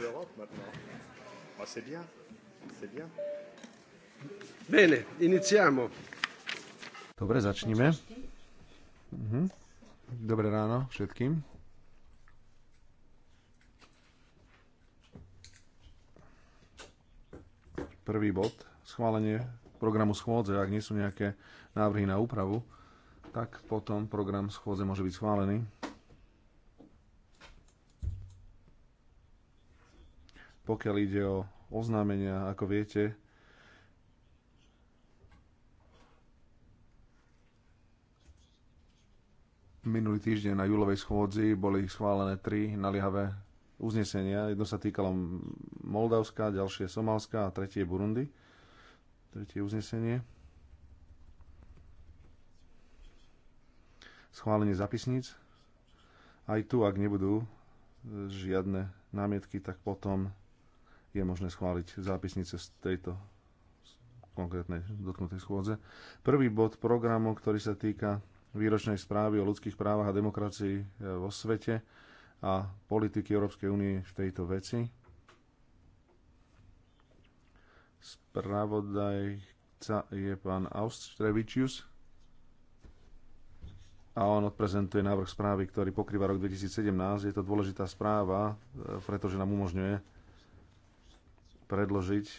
l'Europe maintenant. Ma c'est bien, c'est bien. Bene, iniziamo. Dobre, začnime. Mhm. Dobré ráno všetkým. Prvý bod, schválenie programu schôdze, ak nie sú nejaké návrhy na úpravu, tak potom program schôdze môže byť schválený. Pokiaľ ide o oznámenia, ako viete, minulý týždeň na júlovej schôdzi boli schválené tri naliehavé uznesenia. Jedno sa týkalo Moldavska, ďalšie Somálska a tretie Burundi. Tretie uznesenie. Schválenie zapisníc. Aj tu, ak nebudú žiadne námietky, tak potom je možné schváliť zápisnice z tejto konkrétnej dotknutej schôdze. Prvý bod programu, ktorý sa týka výročnej správy o ľudských právach a demokracii e, vo svete a politiky Európskej únie v tejto veci. Spravodajca je pán Austrevičius a on odprezentuje návrh správy, ktorý pokrýva rok 2017. Je to dôležitá správa, e, pretože nám umožňuje predložiť mm,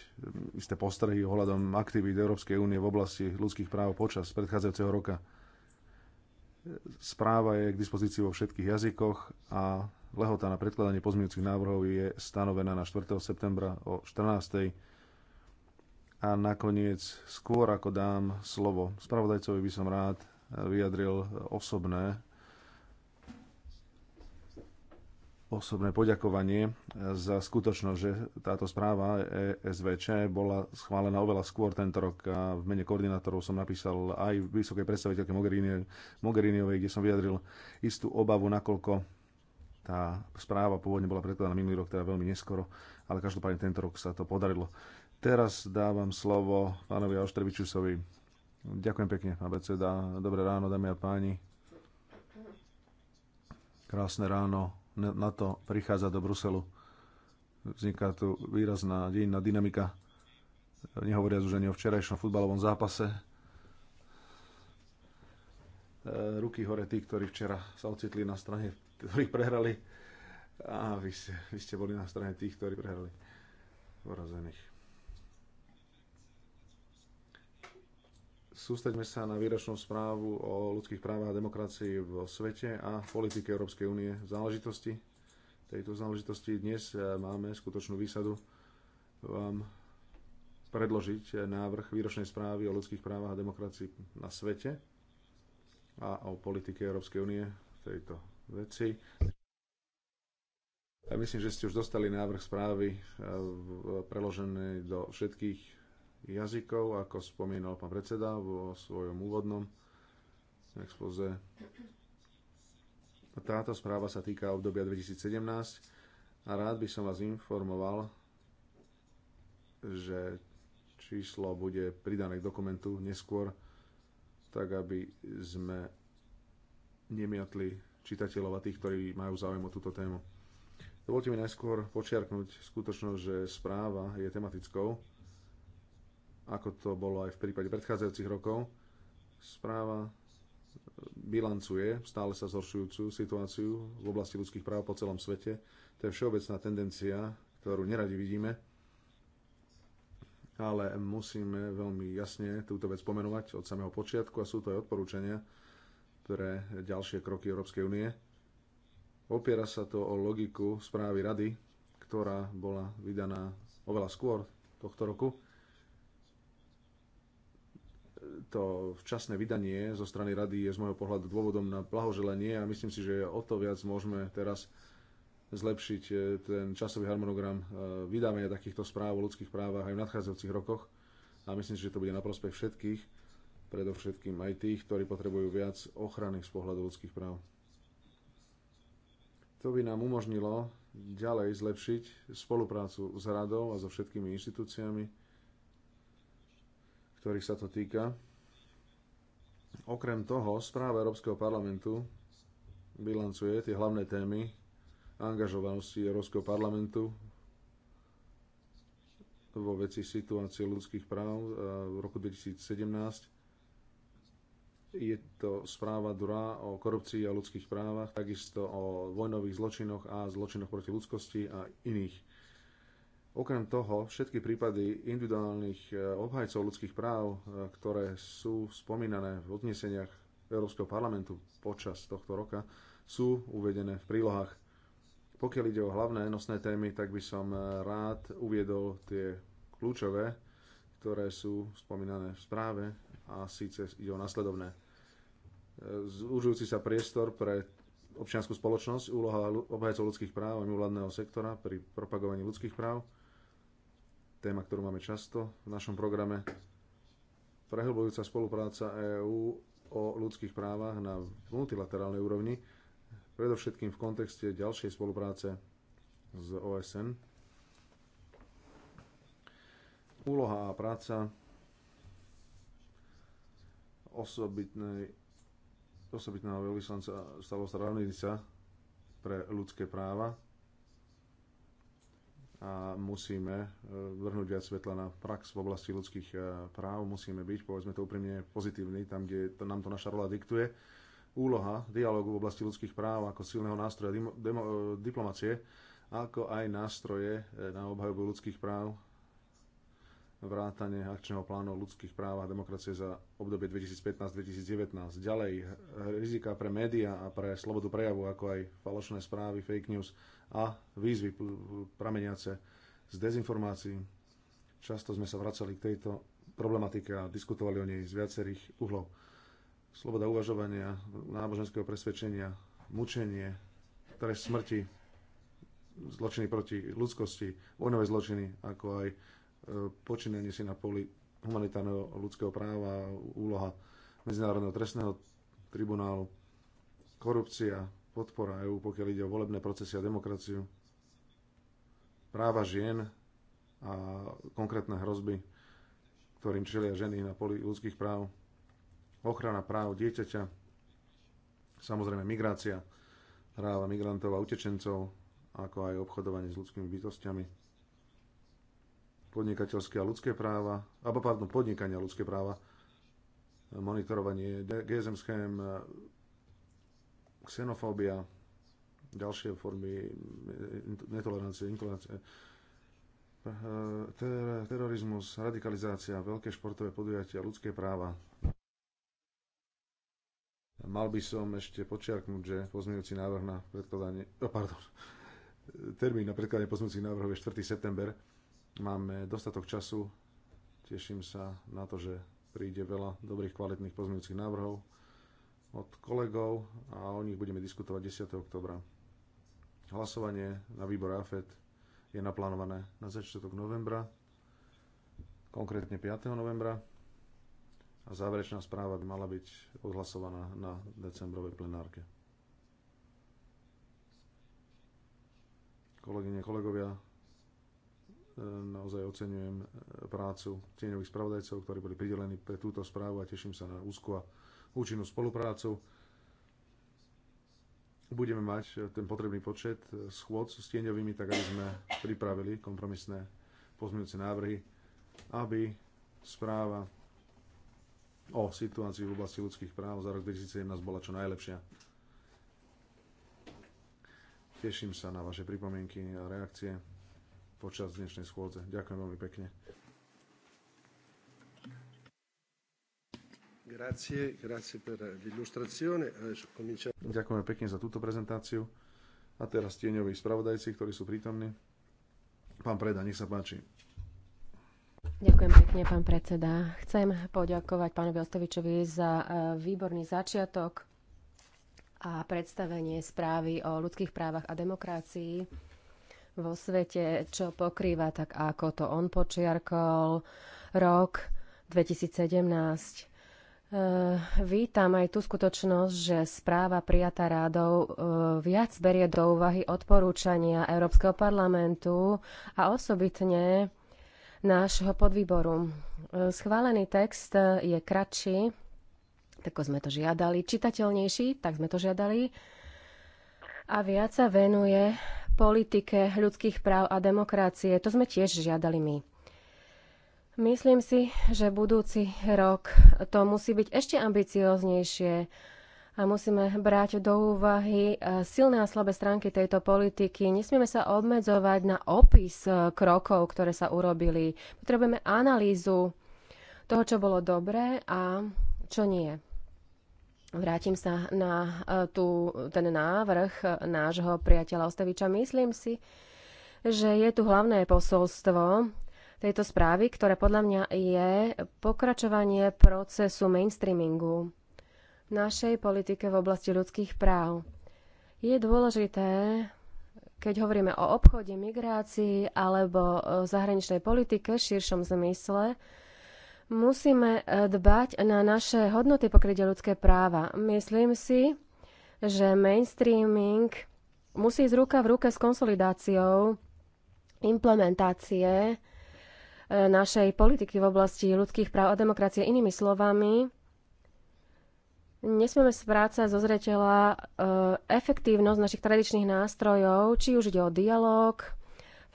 isté postrehy ohľadom aktivít Európskej únie v oblasti ľudských práv počas predchádzajúceho roka. Správa je k dispozícii vo všetkých jazykoch a lehota na predkladanie pozmeňujúcich návrhov je stanovená na 4. septembra o 14. A nakoniec, skôr ako dám slovo spravodajcovi, by som rád vyjadril osobné osobné poďakovanie za skutočnosť, že táto správa e SVČ bola schválená oveľa skôr tento rok a v mene koordinátorov som napísal aj vysokej predstaviteľke Mogherini, Mogheriniovej, kde som vyjadril istú obavu, nakoľko tá správa pôvodne bola predkladaná minulý rok, teda veľmi neskoro, ale každopádne tento rok sa to podarilo. Teraz dávam slovo pánovi Auštrevičusovi. Ďakujem pekne, pán predseda. Dobré ráno, dámy a páni. Krásne ráno na to prichádza do Bruselu. Vzniká tu výrazná dejinná dynamika, nehovoriac už ani o včerajšom futbalovom zápase. E, ruky hore tí, ktorí včera sa ocitli na strane, ktorí prehrali. A vy ste, vy ste boli na strane tých, ktorí prehrali porazených. Sústreďme sa na výročnú správu o ľudských právach a demokracii vo svete a politike Európskej únie v záležitosti. Tejto záležitosti dnes e, máme skutočnú výsadu vám predložiť návrh výročnej správy o ľudských právach a demokracii na svete a o politike Európskej únie v tejto veci. Myslím, že ste už dostali návrh správy e, preložený do všetkých jazykov, ako spomínal pán predseda vo svojom úvodnom expoze. Táto správa sa týka obdobia 2017 a rád by som vás informoval, že číslo bude pridané k dokumentu neskôr, tak aby sme nemiatli čitateľov a tých, ktorí majú záujem o túto tému. Dovolte mi najskôr počiarknúť skutočnosť, že správa je tematickou ako to bolo aj v prípade predchádzajúcich rokov. Správa bilancuje stále sa zhoršujúcu situáciu v oblasti ľudských práv po celom svete. To je všeobecná tendencia, ktorú neradi vidíme, ale musíme veľmi jasne túto vec pomenovať od samého počiatku a sú to aj odporúčania pre ďalšie kroky Európskej únie. Opiera sa to o logiku správy rady, ktorá bola vydaná oveľa skôr tohto roku to včasné vydanie zo strany rady je z môjho pohľadu dôvodom na blahoželanie a myslím si, že o to viac môžeme teraz zlepšiť e, ten časový harmonogram e, vydávania takýchto správ o ľudských právach aj v nadchádzajúcich rokoch a myslím si, že to bude na prospech všetkých, predovšetkým aj tých, ktorí potrebujú viac ochrany z pohľadu ľudských práv. To by nám umožnilo ďalej zlepšiť spoluprácu s radou a so všetkými inštitúciami, ktorých sa to týka. Okrem toho, správa Európskeho parlamentu bilancuje tie hlavné témy angažovanosti Európskeho parlamentu vo veci situácie ľudských práv e, v roku 2017. Je to správa Dura o korupcii a ľudských právach, takisto o vojnových zločinoch a zločinoch proti ľudskosti a iných Okrem toho, všetky prípady individuálnych e, obhajcov ľudských práv, e, ktoré sú spomínané v odneseniach Európskeho parlamentu počas tohto roka, sú uvedené v prílohách. Pokiaľ ide o hlavné nosné témy, tak by som e, rád uviedol tie kľúčové, ktoré sú spomínané v správe a síce ide o nasledovné. Zúžujúci sa priestor pre občianskú spoločnosť, úloha obhajcov ľudských práv a mimovládneho sektora pri propagovaní ľudských práv, téma, ktorú máme často v našom programe. Prehlbujúca spolupráca EÚ o ľudských právach na multilaterálnej úrovni, predovšetkým v kontexte ďalšej spolupráce s OSN. Úloha a práca osobitnej, osobitného veľvyslanca Stalosa Ravnica pre ľudské práva a musíme e, vrhnúť viac svetla na prax v oblasti ľudských e, práv. Musíme byť, povedzme to úprimne, pozitívni tam, kde to, nám to naša rola diktuje. Úloha dialogu v oblasti ľudských práv ako silného nástroja dimo, demo, e, diplomacie, ako aj nástroje na obhajobu ľudských práv vrátane akčného plánu ľudských práv a demokracie za obdobie 2015-2019. Ďalej, rizika pre médiá a pre slobodu prejavu, ako aj falošné správy, fake news a výzvy prameniace z dezinformácií. Často sme sa vracali k tejto problematike a diskutovali o nej z viacerých uhlov. Sloboda uvažovania, náboženského presvedčenia, mučenie, trest smrti, zločiny proti ľudskosti, vojnové zločiny, ako aj E, počínanie si na poli humanitárneho ľudského práva, úloha Medzinárodného trestného tribunálu, korupcia, podpora EÚ, pokiaľ ide o volebné procesy a demokraciu, práva žien a konkrétne hrozby, ktorým čelia ženy na poli ľudských práv, ochrana práv dieťaťa, samozrejme migrácia, práva migrantov a utečencov, ako aj obchodovanie s ľudskými bytostiami podnikateľské a ľudské práva, alebo pardon, podnikania ľudské práva, monitorovanie GSM schém, xenofóbia, ďalšie formy netolerancie, intolerancie, ter, terorizmus, radikalizácia, veľké športové podujatia, ľudské práva. Mal by som ešte počiarknúť, že pozmeňujúci návrh na predkladanie, oh, pardon, termín na predkladanie pozmeňujúcich návrhov je 4. september Máme dostatok času. Teším sa na to, že príde veľa dobrých, kvalitných pozmeňujúcich návrhov od kolegov a o nich budeme diskutovať 10. oktobra. Hlasovanie na výbor AFED je naplánované na začiatok novembra, konkrétne 5. novembra a záverečná správa by mala byť odhlasovaná na decembrovej plenárke. Kolegyne, kolegovia, Naozaj oceňujem eh, prácu tieňových spravodajcov, ktorí boli pridelení pre túto správu a teším sa na úzku a účinnú spoluprácu. Budeme mať eh, ten potrebný počet eh, schôd s tieňovými, tak aby sme pripravili kompromisné pozmeňujúce návrhy, aby správa o situácii v oblasti ľudských práv za rok 2017 bola čo najlepšia. Teším sa na vaše pripomienky a reakcie počas dnešnej schôdze. Ďakujem veľmi pekne. Ďakujem pekne za túto prezentáciu. A teraz tieňoví spravodajci, ktorí sú prítomní. Pán Preda, nech sa páči. Ďakujem pekne, pán predseda. Chcem poďakovať pánovi Ostovičovi za e, výborný začiatok a predstavenie správy o ľudských právach a demokracii vo svete, čo pokrýva, tak ako to on počiarkol, rok 2017. Uh, e, vítam aj tú skutočnosť, že správa prijatá rádou uh, viac berie do úvahy odporúčania Európskeho parlamentu a osobitne nášho podvýboru. Uh, schválený text je kratší, tak sme to žiadali, čitateľnejší, tak sme to žiadali a viac sa venuje politike ľudských práv a demokracie. To sme tiež žiadali my. Myslím si, že budúci rok to musí byť ešte ambicioznejšie a musíme brať do úvahy eh, silné a slabé stránky tejto politiky. Nesmieme sa obmedzovať na opis eh, krokov, ktoré sa urobili. Potrebujeme analýzu toho, čo bolo dobré a čo nie. Vrátim sa na e, tú, ten návrh nášho priateľa Ostaviča. Myslím si, že je tu hlavné posolstvo tejto správy, ktoré podľa mňa je pokračovanie procesu mainstreamingu v našej politike v oblasti ľudských práv. Je dôležité, keď hovoríme o obchode, migrácii alebo e, zahraničnej politike v širšom zmysle, Musíme e, dbať na naše hodnoty pokrytia ľudské práva. Myslím si, že mainstreaming musí ísť ruka v ruke s konsolidáciou implementácie e, našej politiky v oblasti ľudských práv a demokracie. Inými slovami, nesmieme sprácať zo zreteľa e, efektívnosť našich tradičných nástrojov, či už ide o dialog,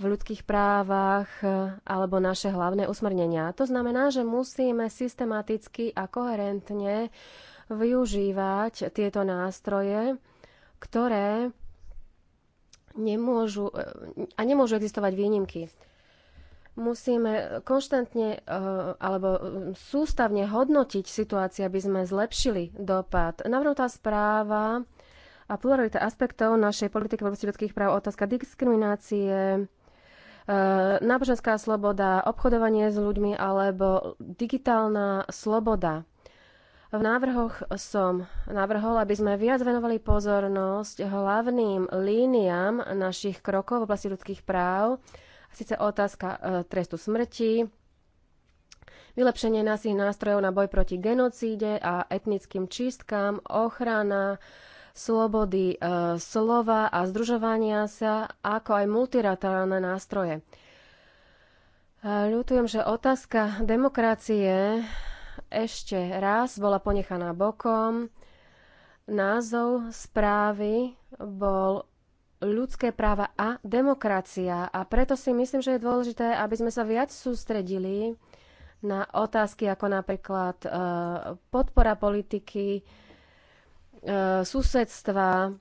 v ľudských právach e, alebo naše hlavné usmernenia. To znamená, že musíme systematicky a koherentne využívať tieto nástroje, ktoré nemôžu, e, a nemôžu existovať výnimky. Musíme konštantne e, alebo sústavne hodnotiť situáciu, aby sme zlepšili dopad. Navrhnutá správa a pluralita aspektov našej politiky v oblasti ľudských práv, otázka diskriminácie, Eh, náboženská sloboda, obchodovanie s ľuďmi alebo digitálna sloboda. V návrhoch som navrhol, aby sme viac venovali pozornosť hlavným líniám našich krokov v oblasti ľudských práv, síce otázka eh, trestu smrti, vylepšenie nás nástrojov na boj proti genocíde a etnickým čistkám, ochrana slobody e, slova a združovania sa, ako aj multilaterálne nástroje. E, ľutujem, že otázka demokracie ešte raz bola ponechaná bokom. Názov správy bol ľudské práva a demokracia a preto si myslím, že je dôležité, aby sme sa viac sústredili na otázky ako napríklad e, podpora politiky, E, susedstva,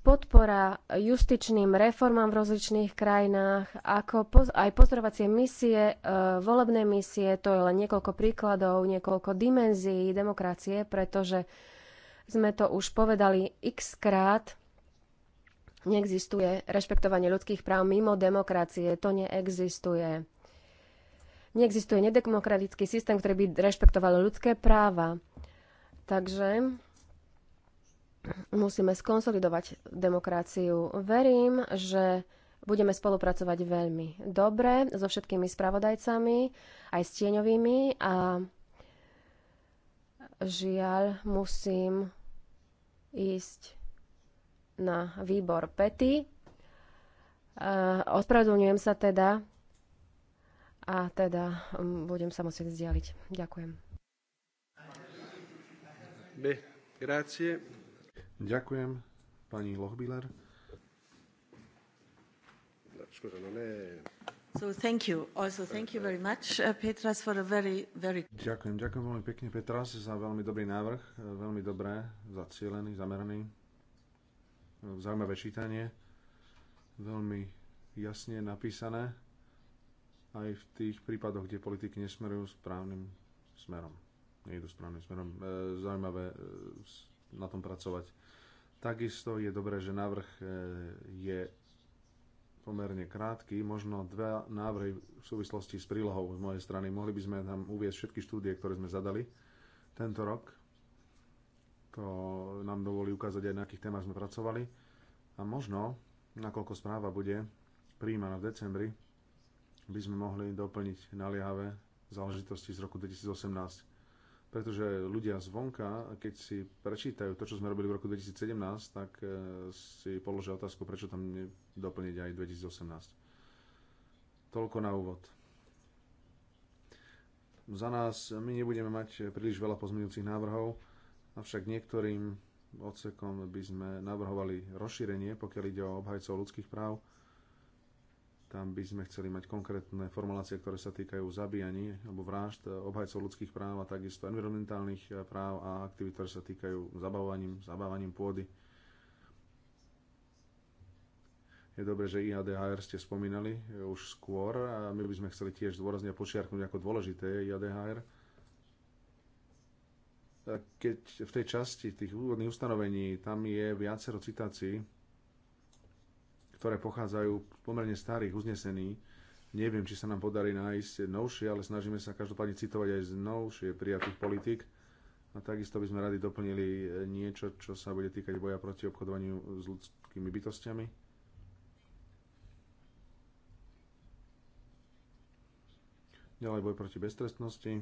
podpora justičným reformám v rozličných krajinách, ako poz- aj pozorovacie misie, e, volebné misie, to je len niekoľko príkladov, niekoľko dimenzií demokracie, pretože sme to už povedali x krát, neexistuje rešpektovanie ľudských práv mimo demokracie, to neexistuje. Neexistuje nedemokratický systém, ktorý by rešpektoval ľudské práva. Takže Musíme skonsolidovať demokraciu. Verím, že budeme spolupracovať veľmi dobre so všetkými spravodajcami, aj s tieňovými a žiaľ musím ísť na výbor pety. E, ospravedlňujem sa teda a teda budem sa musieť vzdialiť. Ďakujem. Be, grazie. Ďakujem, pani Lochbiller. So thank you. Also thank you very much, uh, Petras, for a very, very... Ďakujem, ďakujem veľmi pekne, Petras, za veľmi dobrý návrh, uh, veľmi dobré, zacielený, zameraný, uh, zaujímavé čítanie, veľmi jasne napísané aj v tých prípadoch, kde politiky nesmerujú správnym smerom. Nejdu správnym smerom. Zaujímavé na tom pracovať. Takisto je dobré, že návrh e, je pomerne krátky, možno dva návrhy v súvislosti s prílohou z mojej strany. Mohli by sme tam uvieť všetky štúdie, ktoré sme zadali tento rok. To nám dovolí ukázať aj, na akých témach sme pracovali. A možno, nakoľko správa bude príjmaná v decembri, by sme mohli doplniť naliehavé záležitosti z roku 2018 pretože ľudia zvonka, keď si prečítajú to, čo sme robili v roku 2017, tak e, si položia otázku, prečo tam doplniť aj 2018. Toľko na úvod. Za nás my nebudeme mať príliš veľa pozmeňujúcich návrhov, avšak niektorým odsekom by sme navrhovali rozšírenie, pokiaľ ide o obhajcov ľudských práv, tam by sme chceli mať konkrétne formulácie, ktoré sa týkajú zabíjaní alebo vražd obhajcov ľudských práv a takisto environmentálnych práv a aktivít, ktoré sa týkajú zabavovaním, zabávaním pôdy. Je dobré, že IADHR ste spomínali už skôr a my by sme chceli tiež dôrazne počiarknúť, ako dôležité je IADHR keď v tej časti tých úvodných ustanovení tam je viacero citácií ktoré pochádzajú pomerne starých uznesení. Neviem, či sa nám podarí nájsť novšie, ale snažíme sa každopádne citovať aj z novšie prijatých politik. A takisto by sme radi doplnili e, niečo, čo sa bude týkať boja proti obchodovaniu s ľudskými bytostiami. Ďalej boj proti bestrestnosti.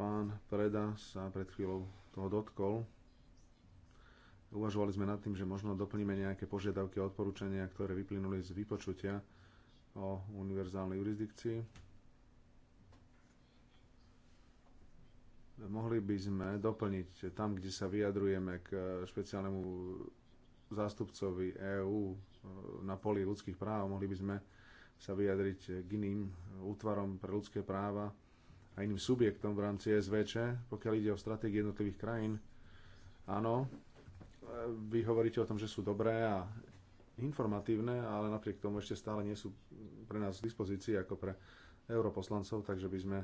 Pán Preda sa pred chvíľou toho dotkol. Uvažovali sme nad tým, že možno doplníme nejaké požiadavky a odporúčania, ktoré vyplynuli z vypočutia o univerzálnej jurisdikcii. Mohli by sme doplniť tam, kde sa vyjadrujeme k špeciálnemu zástupcovi EÚ e, na poli ľudských práv, mohli by sme sa vyjadriť k iným útvarom pre ľudské práva a iným subjektom v rámci SVČ, pokiaľ ide o stratégie jednotlivých krajín. Áno, vy hovoríte o tom, že sú dobré a informatívne, ale napriek tomu ešte stále nie sú pre nás k dispozícii ako pre europoslancov, takže by sme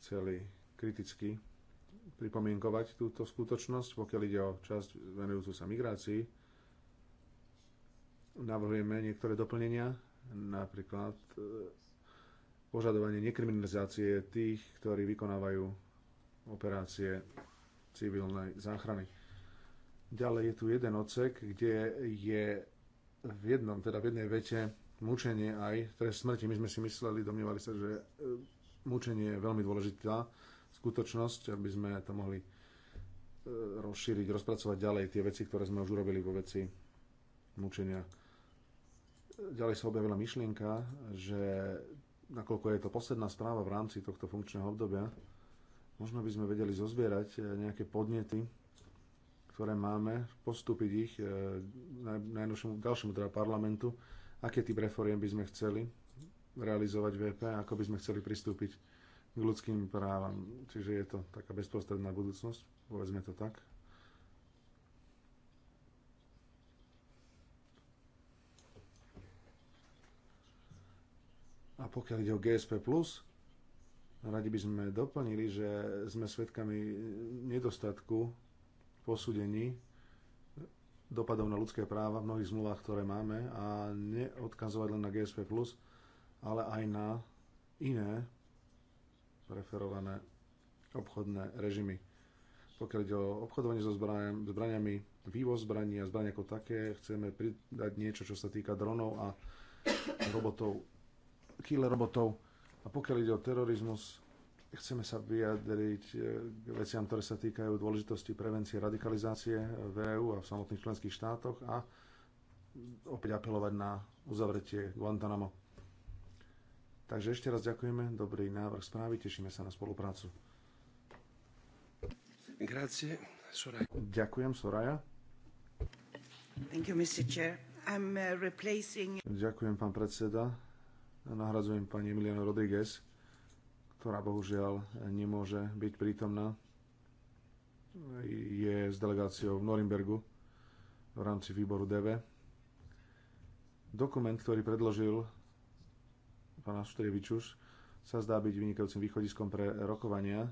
chceli kriticky pripomienkovať túto skutočnosť, pokiaľ ide o časť venujúcu sa migrácii. Navrhujeme niektoré doplnenia, napríklad e, požadovanie nekriminalizácie tých, ktorí vykonávajú operácie civilnej záchrany Ďalej je tu jeden ocek, kde je v jednom, teda v jednej vete mučenie aj trest smrti. My sme si mysleli, domnievali sa, že e, mučenie je veľmi dôležitá skutočnosť, aby sme to mohli e, rozšíriť, rozpracovať ďalej tie veci, ktoré sme už urobili vo veci mučenia. Ďalej sa objavila myšlienka, že nakoľko je to posledná správa v rámci tohto funkčného obdobia, možno by sme vedeli zozbierať e, nejaké podnety ktoré máme, postúpiť ich e, najnovšiemu, ďalšiemu teda parlamentu, aké typ reforiem by sme chceli realizovať VP, ako by sme chceli pristúpiť k ľudským právam. Čiže je to taká bezprostredná budúcnosť, povedzme to tak. A pokiaľ ide o GSP+, radi by sme doplnili, že sme svedkami nedostatku posúdení dopadov na ľudské práva v mnohých zmluvách, ktoré máme a neodkazovať len na GSP+, ale aj na iné preferované obchodné režimy. Pokiaľ ide o obchodovanie so zbraniami, vývoz zbraní a zbraní ako také, chceme pridať niečo, čo sa týka dronov a robotov, killer robotov. A pokiaľ ide o terorizmus, Chceme sa vyjadriť eh, k veciam, ktoré sa týkajú dôležitosti prevencie radikalizácie eh, v EÚ a v samotných členských štátoch a opäť apelovať na uzavretie Guantanamo. Takže ešte raz ďakujeme, dobrý návrh správy, tešíme sa na spoluprácu. Grazie, Soraya. Ďakujem, Soraya. Thank you, Mr. Chair. I'm eh, replacing... Ďakujem, pán predseda. Nahradzujem pani Emiliano Rodriguez ktorá bohužiaľ nemôže byť prítomná. Je s delegáciou v Norimbergu v rámci výboru DV. Dokument, ktorý predložil pán Štrievičuš, sa zdá byť vynikajúcim východiskom pre rokovania,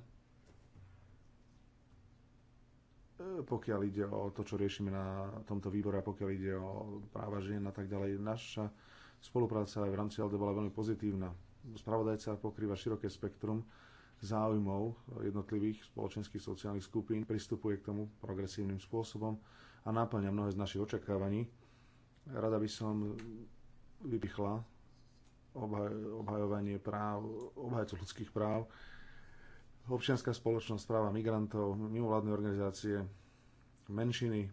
pokiaľ ide o to, čo riešime na tomto výbore a pokiaľ ide o práva žien a tak ďalej. Naša spolupráca aj v rámci Alde bola veľmi pozitívna Spravodajca pokrýva široké spektrum záujmov jednotlivých spoločenských sociálnych skupín, pristupuje k tomu progresívnym spôsobom a náplňa mnohé z našich očakávaní. Rada by som vypichla obhajovanie práv, obhajcov ľudských práv, občianská spoločnosť, práva migrantov, mimovládne organizácie, menšiny,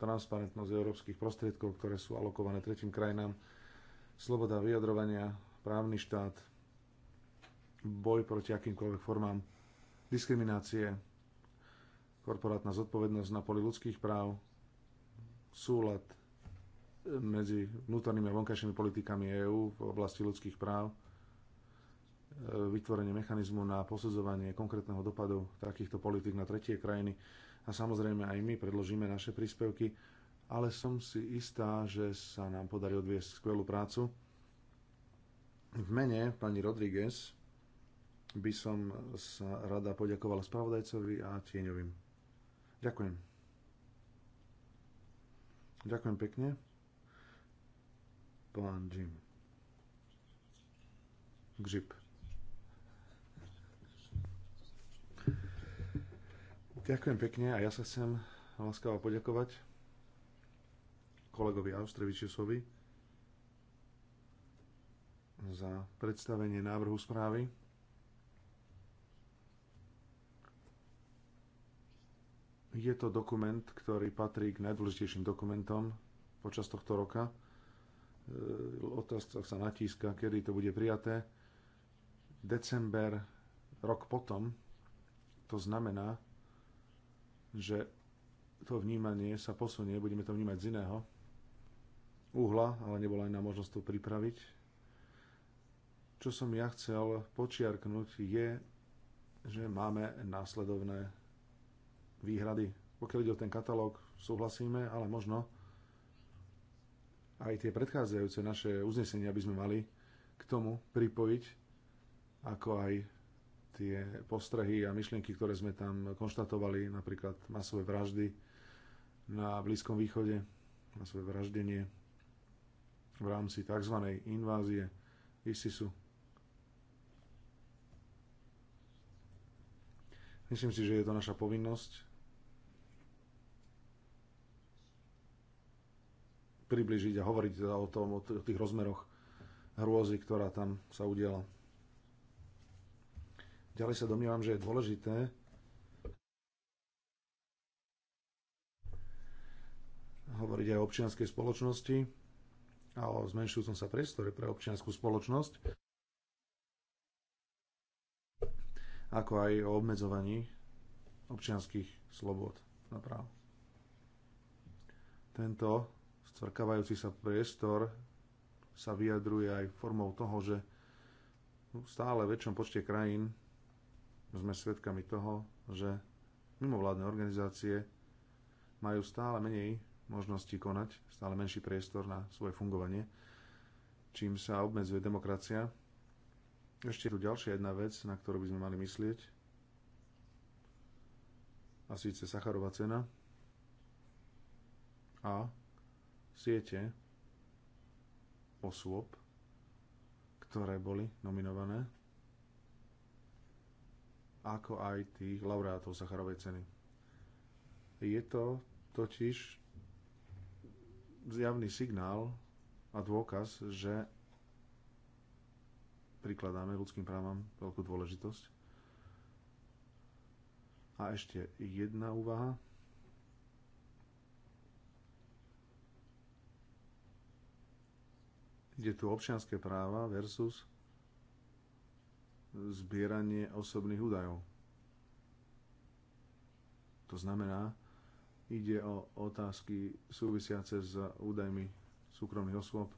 transparentnosť európskych prostriedkov, ktoré sú alokované tretím krajinám, sloboda vyjadrovania, právny štát, boj proti akýmkoľvek formám diskriminácie, korporátna zodpovednosť na poli ľudských práv, súlad medzi vnútornými a vonkajšími politikami EÚ v oblasti ľudských práv, e, vytvorenie mechanizmu na posudzovanie konkrétneho dopadu takýchto politik na tretie krajiny a samozrejme aj my predložíme naše príspevky, ale som si istá, že sa nám podarí odviesť skvelú prácu v mene pani Rodriguez by som sa rada poďakovala spravodajcovi a tieňovým. Ďakujem. Ďakujem pekne. Pán Jim. Gžip. Ďakujem pekne a ja sa chcem láskavo poďakovať kolegovi Austrevičiusovi, za predstavenie návrhu správy. Je to dokument, ktorý patrí k najdôležitejším dokumentom počas tohto roka. E, otázka sa natíska, kedy to bude prijaté. December, rok potom, to znamená, že to vnímanie sa posunie, budeme to vnímať z iného uhla, ale nebola iná možnosť to pripraviť čo som ja chcel počiarknúť je, že máme následovné výhrady. Pokiaľ ide o ten katalóg, súhlasíme, ale možno aj tie predchádzajúce naše uznesenia by sme mali k tomu pripojiť, ako aj tie postrehy a myšlienky, ktoré sme tam konštatovali, napríklad masové vraždy na Blízkom východe, masové vraždenie v rámci tzv. invázie ISISu. Myslím si, že je to naša povinnosť približiť a hovoriť teda o tom, o tých rozmeroch hrôzy, ktorá tam sa udiela. Ďalej sa domnívam, že je dôležité hovoriť aj o občianskej spoločnosti a o zmenšujúcom sa priestore pre občianskú spoločnosť. ako aj o obmedzovaní občianských slobod a práv. Tento stvrkávajúci sa priestor sa vyjadruje aj formou toho, že v stále väčšom počte krajín sme svedkami toho, že mimovládne organizácie majú stále menej možností konať, stále menší priestor na svoje fungovanie, čím sa obmedzuje demokracia ešte tu ďalšia jedna vec, na ktorú by sme mali myslieť. A síce Sacharová cena a siete osôb, ktoré boli nominované, ako aj tých laureátov Sacharovej ceny. Je to totiž zjavný signál a dôkaz, že prikladáme ľudským právam veľkú dôležitosť. A ešte jedna úvaha. Ide tu občianské práva versus zbieranie osobných údajov. To znamená, ide o otázky súvisiace s údajmi súkromných osôb,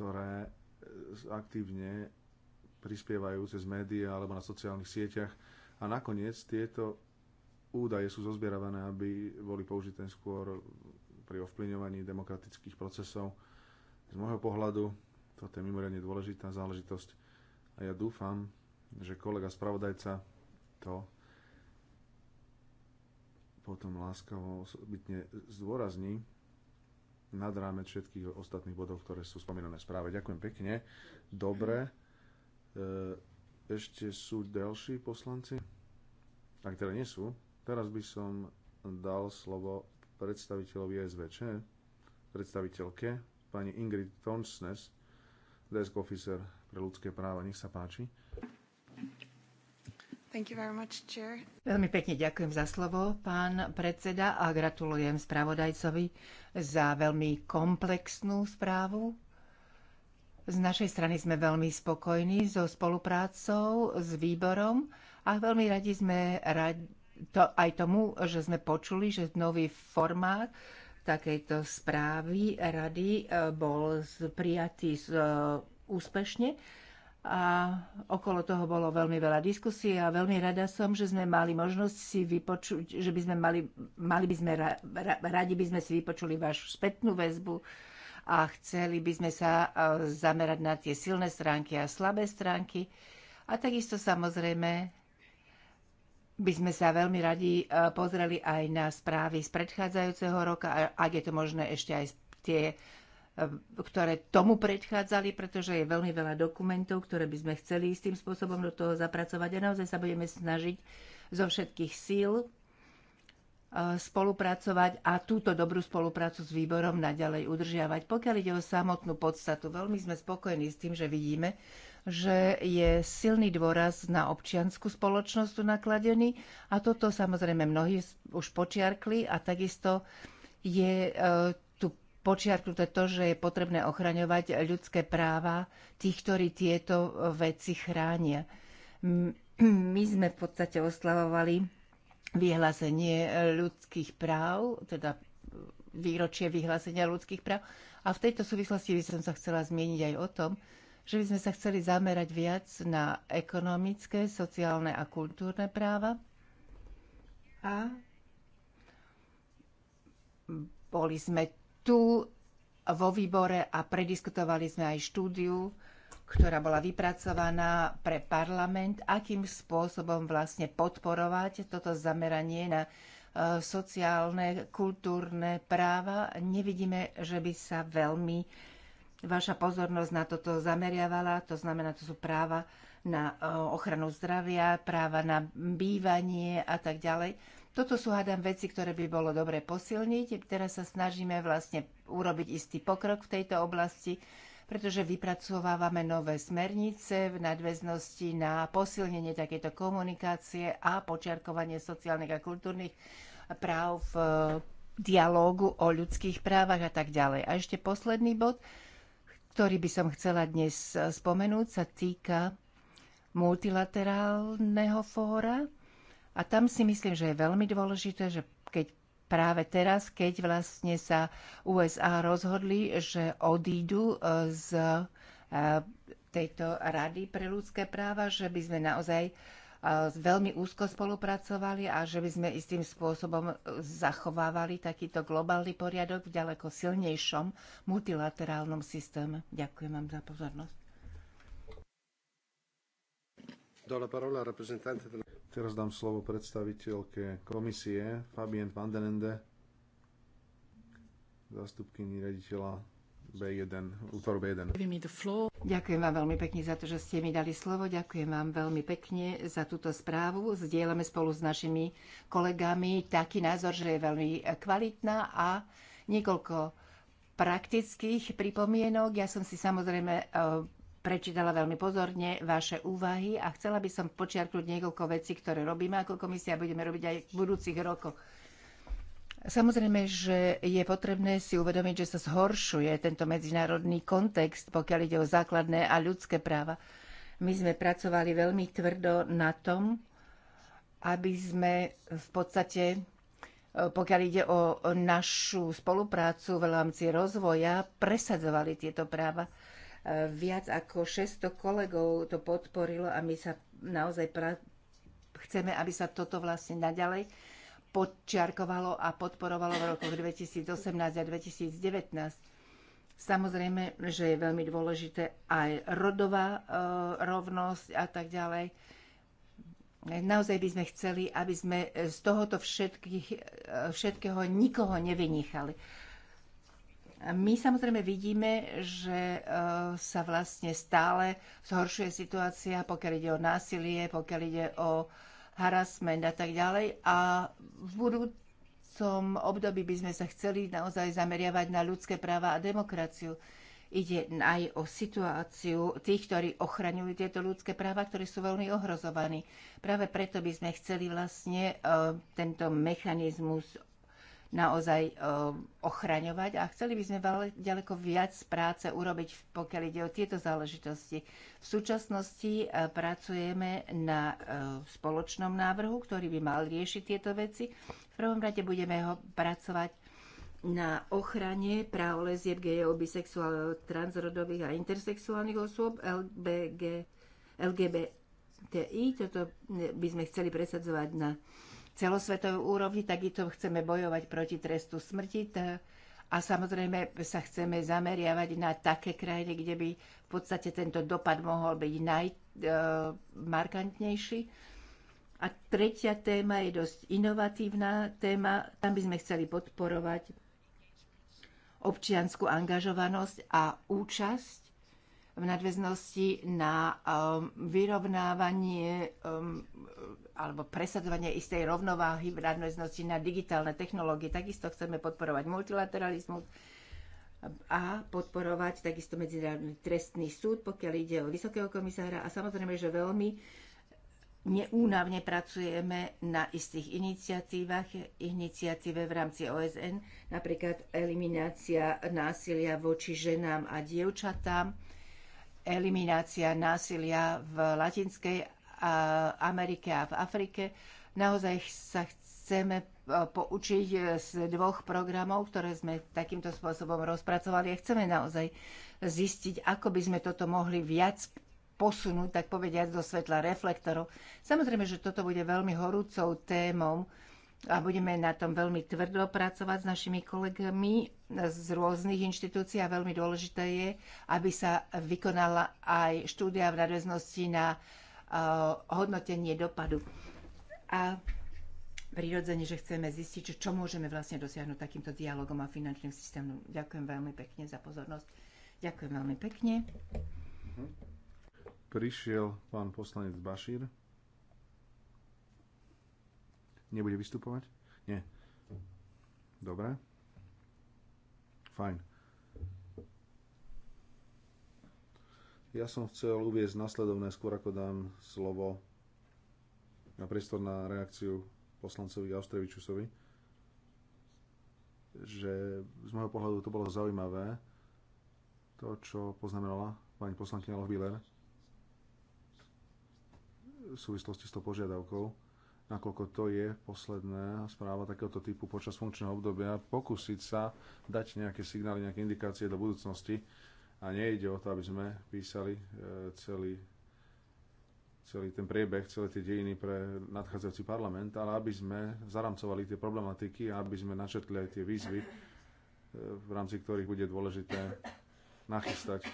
ktoré e, aktívne prispievajú cez médiá alebo na sociálnych sieťach. A nakoniec tieto údaje sú zozbieravané, aby boli použité skôr pri ovplyvňovaní demokratických procesov. Z môjho pohľadu toto je mimoriadne dôležitá záležitosť a ja dúfam, že kolega spravodajca to potom láskavo osobitne zdôrazní, nad rámec všetkých ostatných bodov, ktoré sú spomínané v správe. Ďakujem pekne. Dobre. E, ešte sú ďalší poslanci? Ak teda nie sú, teraz by som dal slovo predstaviteľovi SVČ, predstaviteľke, pani Ingrid Tonsnes, desk officer pre ľudské práva. Nech sa páči. Much, Veľmi pekne ďakujem za slovo, pán predseda, a gratulujem spravodajcovi za veľmi komplexnú správu. Z našej strany sme veľmi spokojní so spoluprácou s výborom a veľmi radi sme radi to, aj tomu, že sme počuli, že nový formát takejto správy rady eh, bol prijatý úspešne a okolo toho bolo veľmi veľa diskusí a veľmi rada som, že sme mali možnosť si vypočuť, že by sme mali, mali by sme, ra, radi by sme si vypočuli vašu spätnú väzbu a chceli by sme sa e, zamerať na tie silné stránky a slabé stránky. A takisto samozrejme by sme sa veľmi radi e, pozreli aj na správy z predchádzajúceho roka, ak je to možné ešte aj tie ktoré tomu predchádzali, pretože je veľmi veľa dokumentov, ktoré by sme chceli istým spôsobom do toho zapracovať a naozaj sa budeme snažiť zo všetkých síl e, spolupracovať a túto dobrú spoluprácu s výborom naďalej udržiavať. Pokiaľ ide o samotnú podstatu, veľmi sme spokojní s tým, že vidíme, že je silný dôraz na občianskú spoločnosť tu nakladený a toto samozrejme mnohí už počiarkli a takisto je e, počiarknuté to, že je potrebné ochraňovať ľudské práva tých, ktorí tieto veci chránia. My sme v podstate oslavovali vyhlásenie ľudských práv, teda výročie vyhlásenia ľudských práv. A v tejto súvislosti by som sa chcela zmieniť aj o tom, že by sme sa chceli zamerať viac na ekonomické, sociálne a kultúrne práva. A boli sme tu vo výbore a prediskutovali sme aj štúdiu, ktorá bola vypracovaná pre parlament, akým spôsobom vlastne podporovať toto zameranie na e, sociálne, kultúrne práva. Nevidíme, že by sa veľmi vaša pozornosť na toto zameriavala. To znamená, to sú práva na e, ochranu zdravia, práva na bývanie a tak ďalej. Toto sú, hádam, veci, ktoré by bolo dobre posilniť. Teraz sa snažíme vlastne urobiť istý pokrok v tejto oblasti, pretože vypracovávame nové smernice v nadväznosti na posilnenie takéto komunikácie a počiarkovanie sociálnych a kultúrnych práv v dialógu o ľudských právach a tak ďalej. A ešte posledný bod, ktorý by som chcela dnes spomenúť, sa týka multilaterálneho fóra, a tam si myslím, že je veľmi dôležité, že keď práve teraz, keď vlastne sa USA rozhodli, že odídu e, z e, tejto Rady pre ľudské práva, že by sme naozaj e, veľmi úzko spolupracovali a že by sme istým spôsobom zachovávali takýto globálny poriadok v ďaleko silnejšom multilaterálnom systéme. Ďakujem vám za pozornosť. Teraz dám slovo predstaviteľke komisie Fabien van den Ende, zastupkyni rediteľa B1, útvaru B1. Ďakujem vám veľmi pekne za to, že ste mi dali slovo. Ďakujem vám veľmi pekne za túto správu. Zdieľame spolu s našimi kolegami taký názor, že je veľmi kvalitná a niekoľko praktických pripomienok. Ja som si samozrejme eh, prečítala veľmi pozorne vaše úvahy a chcela by som počiarknúť niekoľko vecí, ktoré robíme ako komisia a budeme robiť aj v budúcich rokoch. Samozrejme, že je potrebné si uvedomiť, že sa zhoršuje tento medzinárodný kontext, pokiaľ ide o základné a ľudské práva. My sme pracovali veľmi tvrdo na tom, aby sme v podstate, e, pokiaľ ide o našu spoluprácu v rámci rozvoja, presadzovali tieto práva. Viac ako 600 kolegov to podporilo a my sa naozaj pra- chceme, aby sa toto vlastne naďalej podčiarkovalo a podporovalo v rokoch 2018 a 2019. Samozrejme, že je veľmi dôležité aj rodová e, rovnosť a tak ďalej. Naozaj by sme chceli, aby sme z tohoto všetkých, e, všetkého nikoho nevynechali. My samozrejme vidíme, že eh, sa vlastne stále zhoršuje situácia, pokiaľ ide o násilie, pokiaľ ide o harassment a tak ďalej. A v budúcom období by sme sa chceli naozaj zameriavať na ľudské práva a demokraciu. Ide aj o situáciu tých, ktorí ochraňujú tieto ľudské práva, ktorí sú veľmi ohrozovaní. Práve preto by sme chceli vlastne eh, tento mechanizmus naozaj e, ochraňovať a chceli by sme ďaleko viac práce urobiť, pokiaľ ide o tieto záležitosti. V súčasnosti e, pracujeme na e, spoločnom návrhu, ktorý by mal riešiť tieto veci. V prvom rade budeme ho pracovať na ochrane práv lesieb gejov, bisexuálov, transrodových a intersexuálnych osôb LBG, LGBTI. Toto by sme chceli presadzovať na celosvetovej úrovni, takisto chceme bojovať proti trestu smrti a samozrejme sa chceme zameriavať na také krajiny, kde by v podstate tento dopad mohol byť najmarkantnejší. E, a tretia téma je dosť inovatívna téma. Tam by sme chceli podporovať občianskú angažovanosť a účasť v nadväznosti na um, vyrovnávanie um, alebo presadzovanie istej rovnováhy v nadväznosti na digitálne technológie. Takisto chceme podporovať multilateralizmus a podporovať takisto Medzinárodný trestný súd, pokiaľ ide o vysokého komisára. A samozrejme, že veľmi neúnavne pracujeme na istých iniciatívach, iniciatíve v rámci OSN, napríklad eliminácia násilia voči ženám a dievčatám, eliminácia násilia v Latinskej Amerike a v Afrike. Naozaj sa chceme e, poučiť e, z dvoch programov, ktoré sme takýmto spôsobom rozpracovali a chceme naozaj zistiť, ako by sme toto mohli viac posunúť, tak povediať, do svetla reflektorov. Samozrejme, že toto bude veľmi horúcou témou, a budeme na tom veľmi tvrdo pracovať s našimi kolegami z rôznych inštitúcií a veľmi dôležité je, aby sa vykonala aj štúdia v nadväznosti na e, hodnotenie dopadu. A prirodzene, že chceme zistiť, čo, čo môžeme vlastne dosiahnuť takýmto dialogom a finančným systémom. Ďakujem veľmi pekne za pozornosť. Ďakujem veľmi pekne. Prišiel pán poslanec Bašír. Nebude vystupovať? Nie. Dobre. Fajn. Ja som chcel uviezť nasledovné, skôr ako dám slovo na priestor na reakciu poslancovi Austrevičusovi, že z môjho pohľadu to bolo zaujímavé, to, čo poznamenala pani poslankyňa Lohbíler v súvislosti s tou požiadavkou nakoľko to je posledná správa takéhoto typu počas funkčného obdobia, pokúsiť sa dať nejaké signály, nejaké indikácie do budúcnosti. A nejde o to, aby sme písali e, celý, celý ten priebeh, celé tie dejiny pre nadchádzajúci parlament, ale aby sme zaramcovali tie problematiky a aby sme načetli aj tie výzvy, e, v rámci ktorých bude dôležité nachystať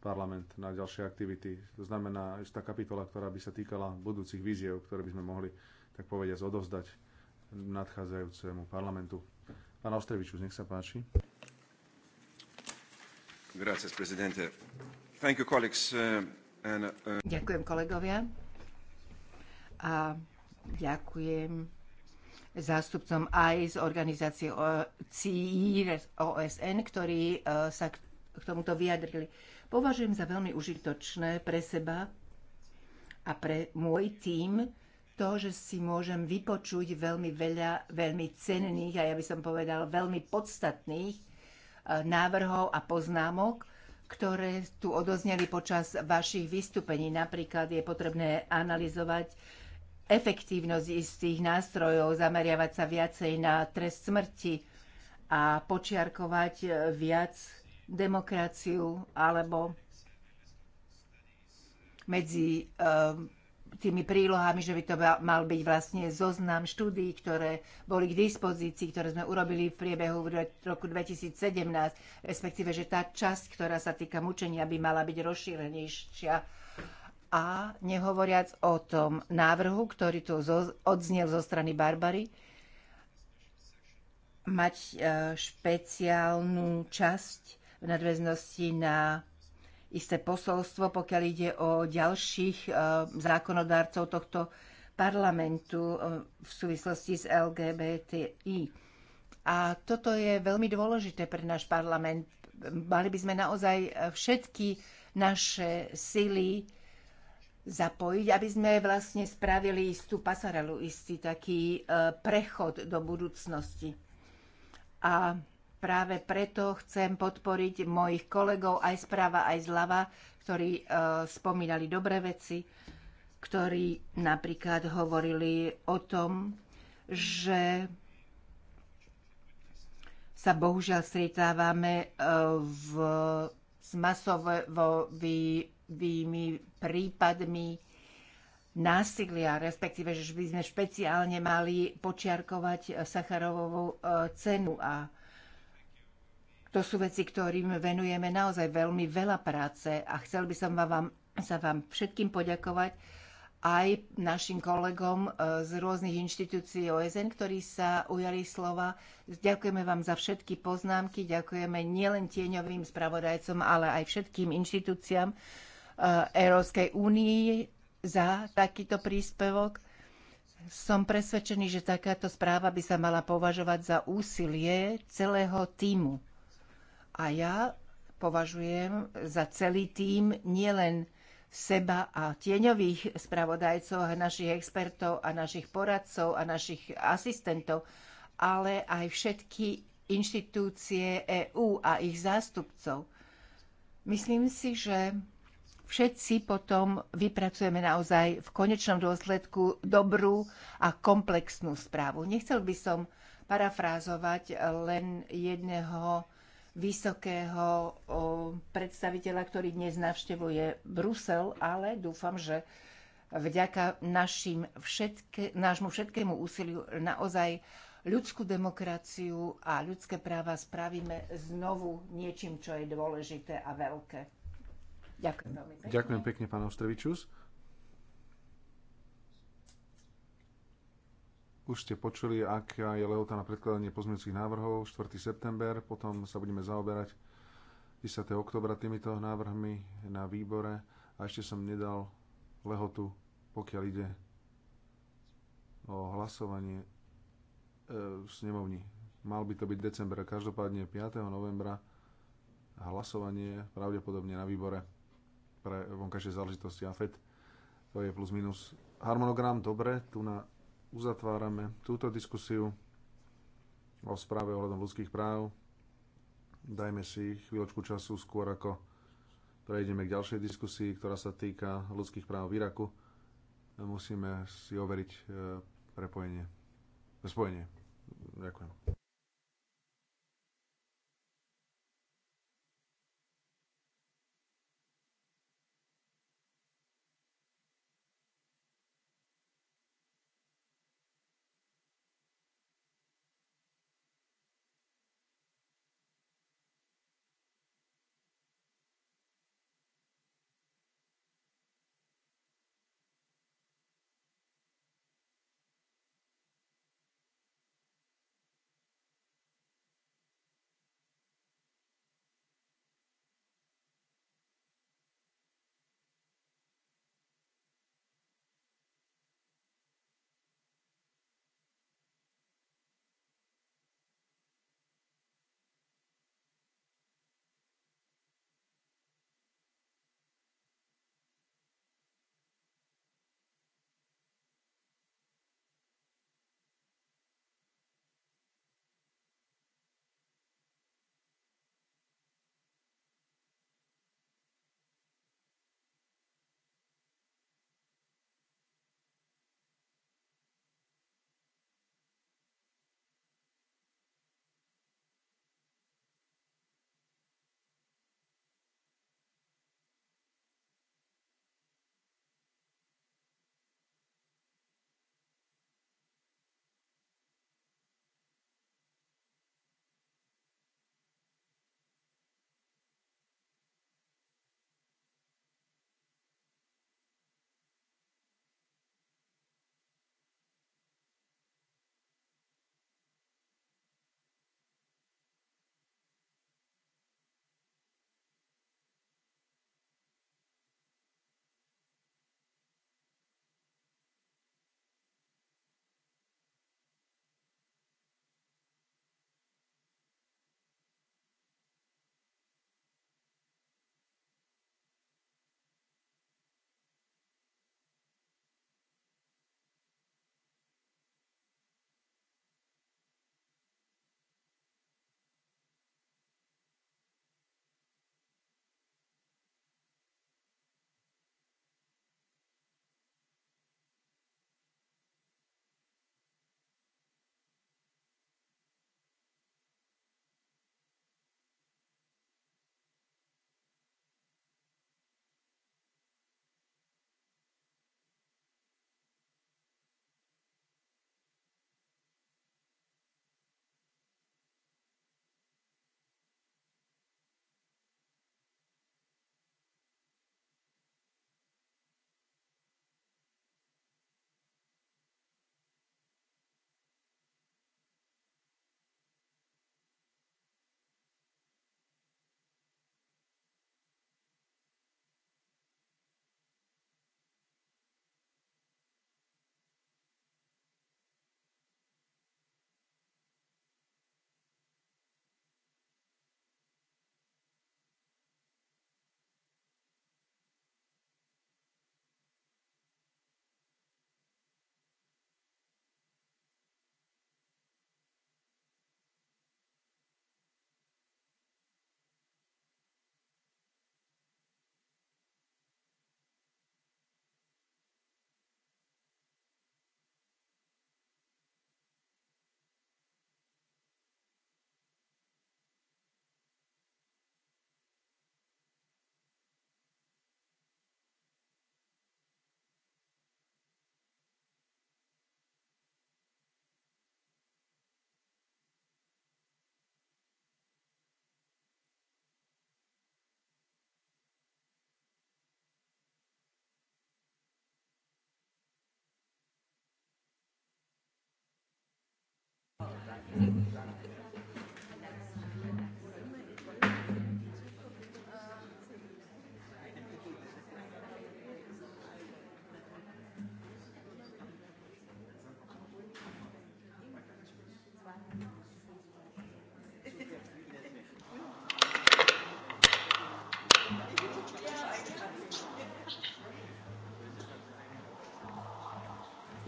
parlament na ďalšie aktivity. To znamená, že tá kapitola, ktorá by sa týkala budúcich víziev, ktoré by sme mohli tak povediať, odovzdať nadchádzajúcemu parlamentu. Pán Ostrevičus, nech sa páči. Grazie, prezidente. Thank you, colleagues. Uh, and, uh... Ďakujem kolegovia a ďakujem zástupcom aj z organizácie CIR e, OSN, ktorí uh, sa k tomuto vyjadrili. Považujem za veľmi užitočné pre seba a pre môj tím to, že si môžem vypočuť veľmi veľa, veľmi cenných a ja by som povedal veľmi podstatných e, návrhov a poznámok, ktoré tu odozneli počas vašich vystúpení. Napríklad je potrebné analyzovať efektívnosť istých nástrojov, zameriavať sa viacej na trest smrti a počiarkovať e, viac demokraciu alebo medzi um, tými prílohami, že by to mal byť vlastne zoznam štúdií, ktoré boli k dispozícii, ktoré sme urobili v priebehu roku 2017, respektíve, že tá časť, ktorá sa týka mučenia, by mala byť rozšírenejšia. A nehovoriac o tom návrhu, ktorý tu odznel zo strany Barbary, mať e, špeciálnu časť v nadväznosti na isté posolstvo, pokiaľ ide o ďalších e, zákonodárcov tohto parlamentu e, v súvislosti s LGBTI. A toto je veľmi dôležité pre náš parlament. Mali by sme naozaj e, všetky naše sily zapojiť, aby sme vlastne spravili istú pasarelu, istý taký prechod do budúcnosti. A Práve preto chcem podporiť mojich kolegov aj zprava, aj zľava, ktorí e, spomínali dobré veci, ktorí napríklad hovorili o tom, že sa bohužiaľ stretávame e, v, s masovými prípadmi násilia, respektíve, že by sme špeciálne mali počiarkovať Sacharovovú e, cenu a to sú veci, ktorým venujeme naozaj veľmi veľa práce a chcel by som vám, sa vám všetkým poďakovať aj našim kolegom e, z rôznych inštitúcií OSN, ktorí sa ujali slova. Ďakujeme vám za všetky poznámky, ďakujeme nielen tieňovým spravodajcom, ale aj všetkým inštitúciám e, Európskej únii za takýto príspevok. Som presvedčený, že takáto správa by sa mala považovať za úsilie celého týmu a ja považujem za celý tým nielen seba a tieňových spravodajcov, a našich expertov a našich poradcov a našich asistentov, ale aj všetky inštitúcie EÚ a ich zástupcov. Myslím si, že všetci potom vypracujeme naozaj v konečnom dôsledku dobrú a komplexnú správu. Nechcel by som parafrázovať len jedného vysokého predstaviteľa, ktorý dnes navštevuje Brusel, ale dúfam, že vďaka našim všetké, nášmu všetkému úsiliu naozaj ľudskú demokraciu a ľudské práva spravíme znovu niečím, čo je dôležité a veľké. Ďakujem veľmi pekne. Ďakujem pekne, pán Ostrevičus. Už ste počuli, aká je lehota na predkladanie pozmeňujúcich návrhov, 4. september, potom sa budeme zaoberať 10. oktobra týmito návrhmi na výbore a ešte som nedal lehotu, pokiaľ ide o hlasovanie e, v snemovni. Mal by to byť december, každopádne 5. novembra hlasovanie pravdepodobne na výbore pre vonkajšie záležitosti AFED. To je plus minus harmonogram, dobre, tu na uzatvárame túto diskusiu o správe ohľadom ľudských práv. Dajme si chvíľočku času skôr, ako prejdeme k ďalšej diskusii, ktorá sa týka ľudských práv v Iraku. Musíme si overiť e, prepojenie, spojenie. Ďakujem.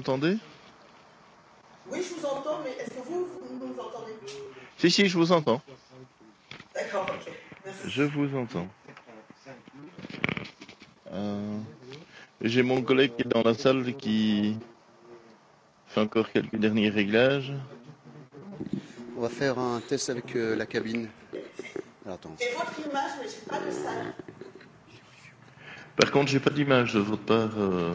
entendez Oui, je vous entends, mais est-ce que vous, vous nous entendez Si, si, je vous entends. D'accord, ok. Merci. Je vous entends. Euh, J'ai mon collègue qui est dans la salle qui fait encore quelques derniers réglages. On va faire un test avec euh, la cabine. Alors, attends. Et votre image, mais je pas de salle. Par contre, je n'ai pas d'image de votre part. Euh...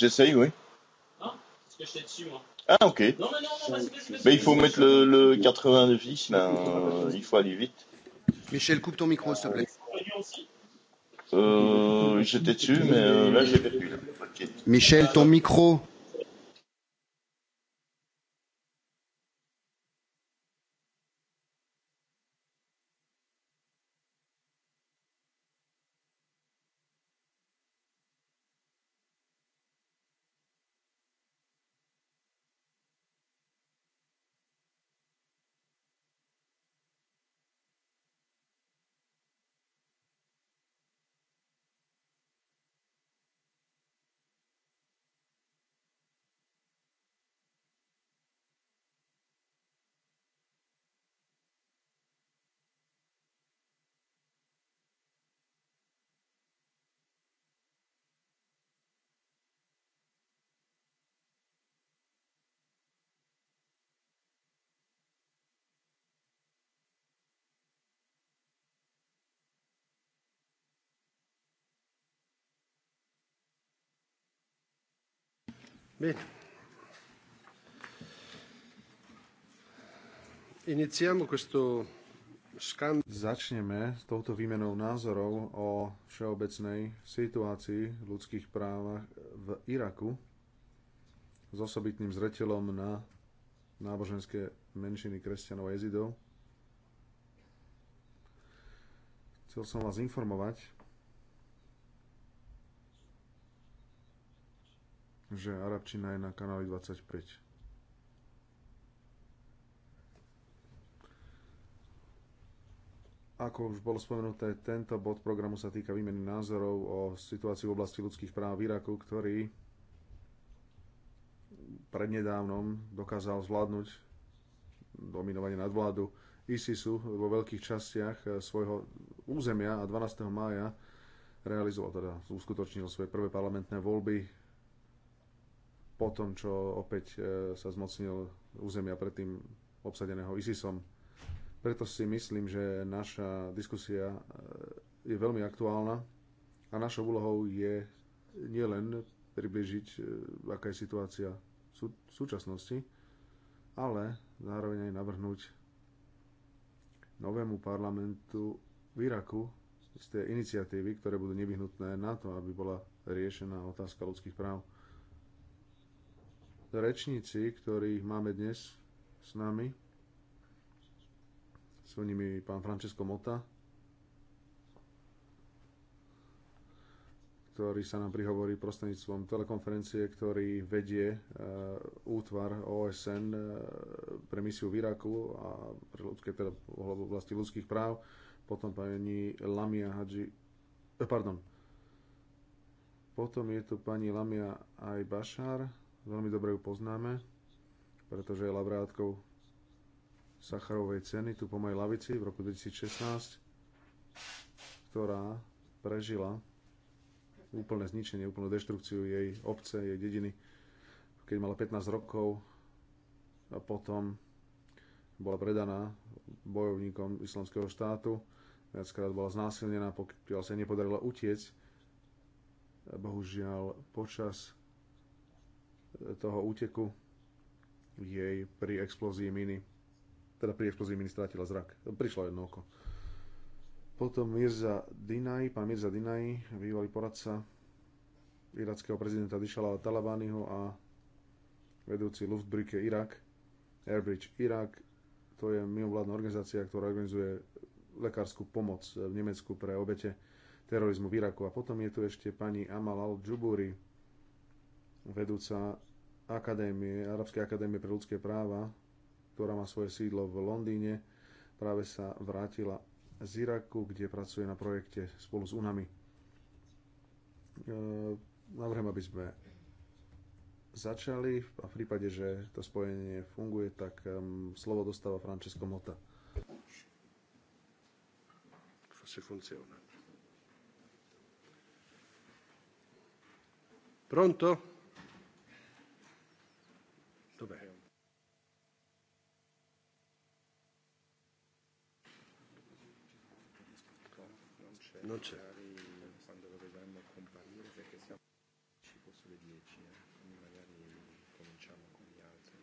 J'essaye, oui. Non, parce que j'étais dessus, moi. Ah, ok. Non, mais non, non, vas-y, vas-y. Vas Mais il faut mettre le, le 90, là. Euh, il faut aller vite. Michel, coupe ton micro, s'il te plaît. Euh, j'étais dessus, mais euh, là, j'ai perdu. Michel, ton micro. Bene. Iniziamo questo scambio. Začneme s touto výmenou názorov o všeobecnej situácii ľudských práv v Iraku s osobitným zretelom na náboženské menšiny kresťanov a jezidov. Chcel som vás informovať, že arabčina je na kanáli 25. Ako už bolo spomenuté, tento bod programu sa týka výmeny názorov o situácii v oblasti ľudských práv v Iraku, ktorý prednedávnom dokázal zvládnuť dominovanie nad vládu ISISu vo veľkých častiach svojho územia a 12. mája realizoval, teda uskutočnil svoje prvé parlamentné voľby po tom, čo opäť e, sa zmocnil územia predtým obsadeného ISISom. Preto si myslím, že naša diskusia e, je veľmi aktuálna a našou úlohou je nielen približiť, e, aká je situácia v súčasnosti, ale zároveň aj navrhnúť novému parlamentu v Iraku tej iniciatívy, ktoré budú nevyhnutné na to, aby bola riešená otázka ľudských práv rečníci, ktorých máme dnes s nami, sú nimi pán Francesco Mota, ktorý sa nám prihovorí prostredníctvom telekonferencie, ktorý vedie e, útvar OSN e, pre misiu v Iraku a pre ľudské, teda oblasti ľudských práv. Potom pani Lamia Hadži, e, pardon, potom je tu pani Lamia Aj Bashar, Veľmi dobre ju poznáme, pretože je labrátkou Sacharovej ceny tu po mojej lavici v roku 2016, ktorá prežila úplné zničenie, úplnú deštrukciu jej obce, jej dediny, keď mala 15 rokov a potom bola predaná bojovníkom islamského štátu, viackrát bola znásilnená, pokiaľ sa nepodarila utiec. Bohužiaľ, počas toho úteku jej pri explózii miny, teda pri explózii miny strátila zrak. Prišlo jedno oko. Potom Mirza Dinaj, pán Mirza Dinaj, bývalý poradca irackého prezidenta dišala Talabányho a vedúci Luftbrücke Irak, Airbridge Irak, to je mimovládna organizácia, ktorá organizuje lekárskú pomoc v Nemecku pre obete terorizmu v Iraku. A potom je tu ešte pani Amal al-Džuburi, vedúca akadémie, Arabskej akadémie pre ľudské práva, ktorá má svoje sídlo v Londýne, práve sa vrátila z Iraku, kde pracuje na projekte spolu s UNAMI. E, navrhujem, aby sme začali a v prípade, že to spojenie funguje, tak um, slovo dostáva Francesco Mota. Forse funziona. Pronto? Dobre. Non Quando lo vedremo comparire perché siamo quindi magari cominciamo con gli altri.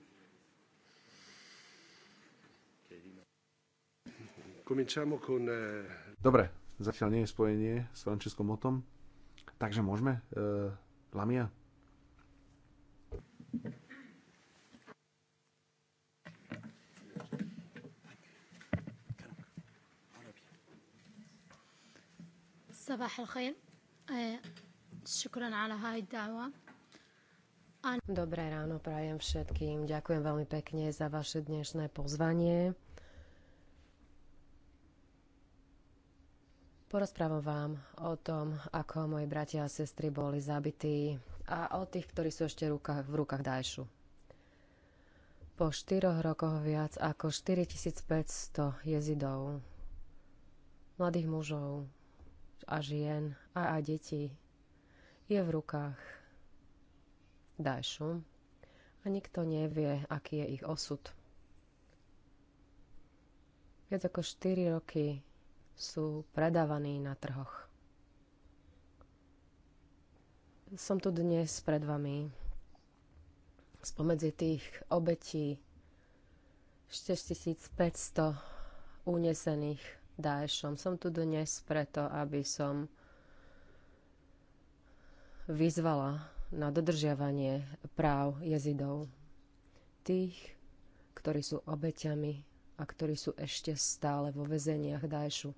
Cominciamo con... Dobre, zatiaľ nie je spojenie s Frančeskom Motom. Takže môžeme? Uh, Lamia? صباح الخير شكرا على هاي الدعوة Dobré ráno prajem všetkým. Ďakujem veľmi pekne za vaše dnešné pozvanie. Porozprávam vám o tom, ako moji bratia a sestry boli zabití a o tých, ktorí sú ešte v rukách Dajšu. Po štyroch rokoch viac ako 4500 jezidov, mladých mužov, a žien a, a detí je v rukách Dajšu a nikto nevie, aký je ich osud. Viac ako 4 roky sú predávaní na trhoch. Som tu dnes pred vami spomedzi tých obetí 4500 unesených Daešom. Som tu dnes preto, aby som vyzvala na dodržiavanie práv jezidov. Tých, ktorí sú obeťami a ktorí sú ešte stále vo vezeniach Daešu.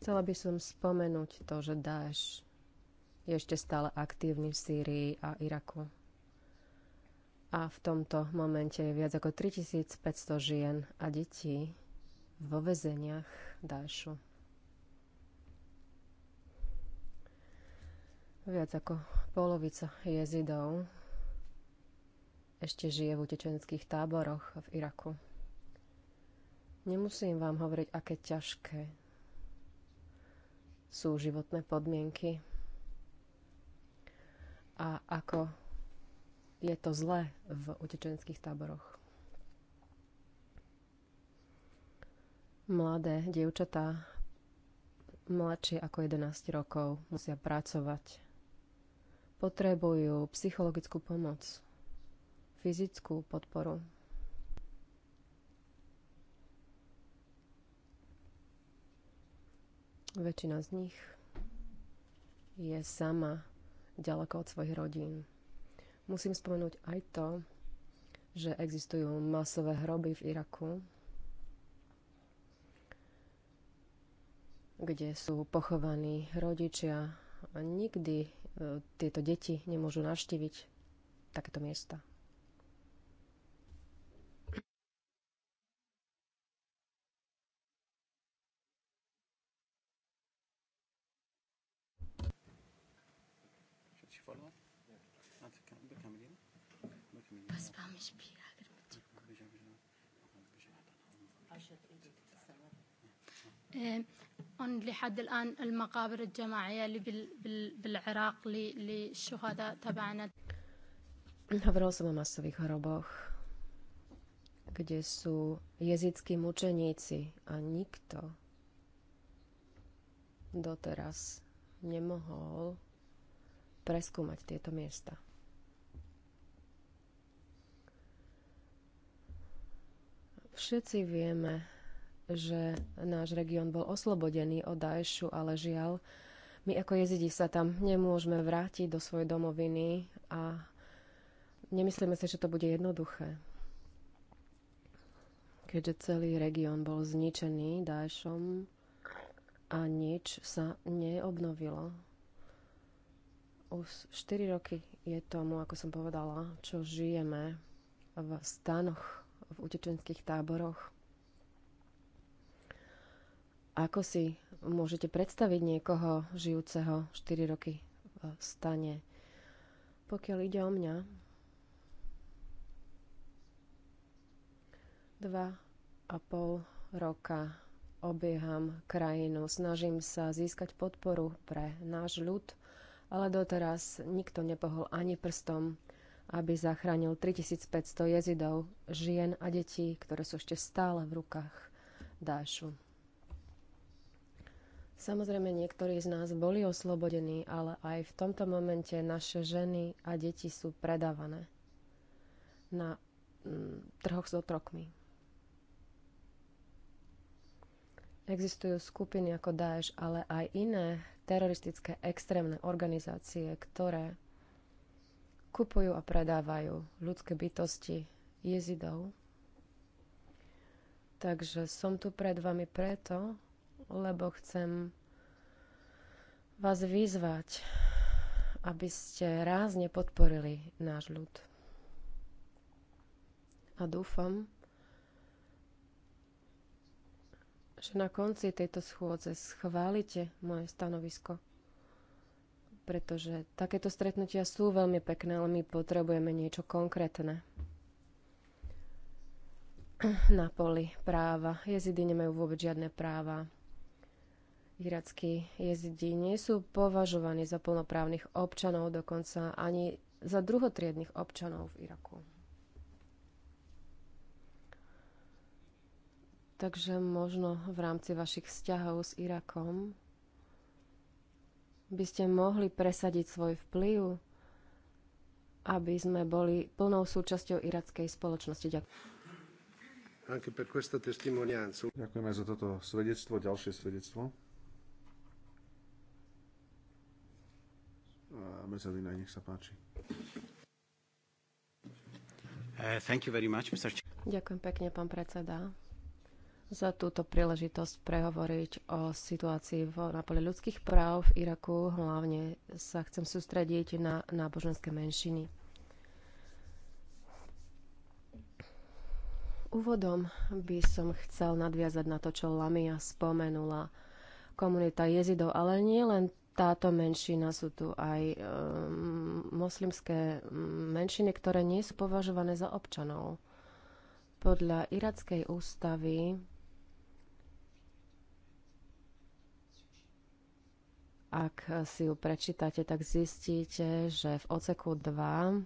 Chcela by som spomenúť to, že Daeš je ešte stále aktívny v Sýrii a Iraku a v tomto momente je viac ako 3500 žien a detí vo väzeniach Dášu. Viac ako polovica jezidov ešte žije v utečenských táboroch v Iraku. Nemusím vám hovoriť, aké ťažké sú životné podmienky a ako je to zlé v utečenských táboroch. Mladé dievčatá mladšie ako 11 rokov musia pracovať. Potrebujú psychologickú pomoc, fyzickú podporu. Väčšina z nich je sama ďaleko od svojich rodín. Musím spomenúť aj to, že existujú masové hroby v Iraku, kde sú pochovaní rodičia a nikdy e, tieto deti nemôžu navštíviť takéto miesta. لحد الآن المقابر الجماعية اللي بال بال بالعراق للشهداء تبعنا Hovoril som o masových hroboch, kde sú jezickí mučeníci a nikto doteraz nemohol preskúmať tieto miesta. Všetci vieme, že náš región bol oslobodený od Daešu, ale žiaľ, my ako jezidi sa tam nemôžeme vrátiť do svojej domoviny a nemyslíme si, že to bude jednoduché. Keďže celý región bol zničený Daešom a nič sa neobnovilo. Už 4 roky je tomu, ako som povedala, čo žijeme v stanoch, v utečenských táboroch ako si môžete predstaviť niekoho žijúceho 4 roky v stane? Pokiaľ ide o mňa, dva a pol roka obieham krajinu, snažím sa získať podporu pre náš ľud, ale doteraz nikto nepohol ani prstom, aby zachránil 3500 jezidov, žien a detí, ktoré sú ešte stále v rukách Dášu. Samozrejme, niektorí z nás boli oslobodení, ale aj v tomto momente naše ženy a deti sú predávané na mm, trhoch s otrokmi. Existujú skupiny ako Daesh, ale aj iné teroristické extrémne organizácie, ktoré kupujú a predávajú ľudské bytosti jezidov. Takže som tu pred vami preto, lebo chcem vás vyzvať, aby ste rázne podporili náš ľud. A dúfam, že na konci tejto schôdze schválite moje stanovisko. Pretože takéto stretnutia sú veľmi pekné, ale my potrebujeme niečo konkrétne na poli práva. Jezidy nemajú vôbec žiadne práva. Irackí jezdi nie sú považovaní za plnoprávnych občanov, dokonca ani za druhotriednych občanov v Iraku. Takže možno v rámci vašich vzťahov s Irakom by ste mohli presadiť svoj vplyv, aby sme boli plnou súčasťou irackej spoločnosti. Ďakujem. Ďakujeme za toto svedectvo, ďalšie svedectvo. Mezelina, nech sa páči. Uh, thank you very much, Mr. Ďakujem pekne, pán predseda, za túto príležitosť prehovoriť o situácii v na poli ľudských práv v Iraku. Hlavne sa chcem sústrediť na náboženské menšiny. Úvodom by som chcel nadviazať na to, čo Lamia spomenula. Komunita jezidov, ale nie len táto menšina, sú tu aj e, moslimské mm, menšiny, ktoré nie sú považované za občanov. Podľa irackej ústavy ak si ju prečítate, tak zistíte, že v oceku 2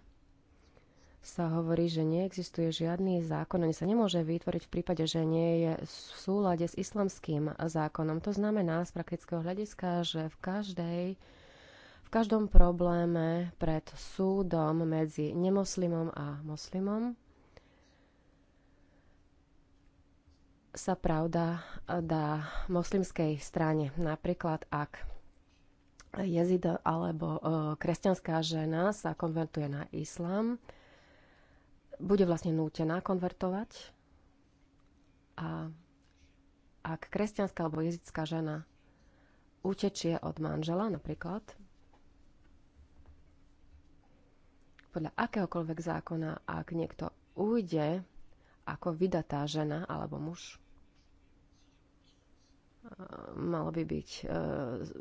sa hovorí, že neexistuje žiadny zákon, ani sa nemôže vytvoriť v prípade, že nie je v súlade s islamským zákonom. To znamená z praktického hľadiska, že v každej v každom probléme pred súdom medzi nemoslimom a moslimom sa pravda dá moslimskej strane. Napríklad, ak jezida alebo eh, kresťanská žena sa konvertuje na islám, bude vlastne nútená konvertovať a ak kresťanská alebo jezická žena utečie od manžela napríklad, podľa akéhokoľvek zákona, ak niekto ujde ako vydatá žena alebo muž, mala by byť e,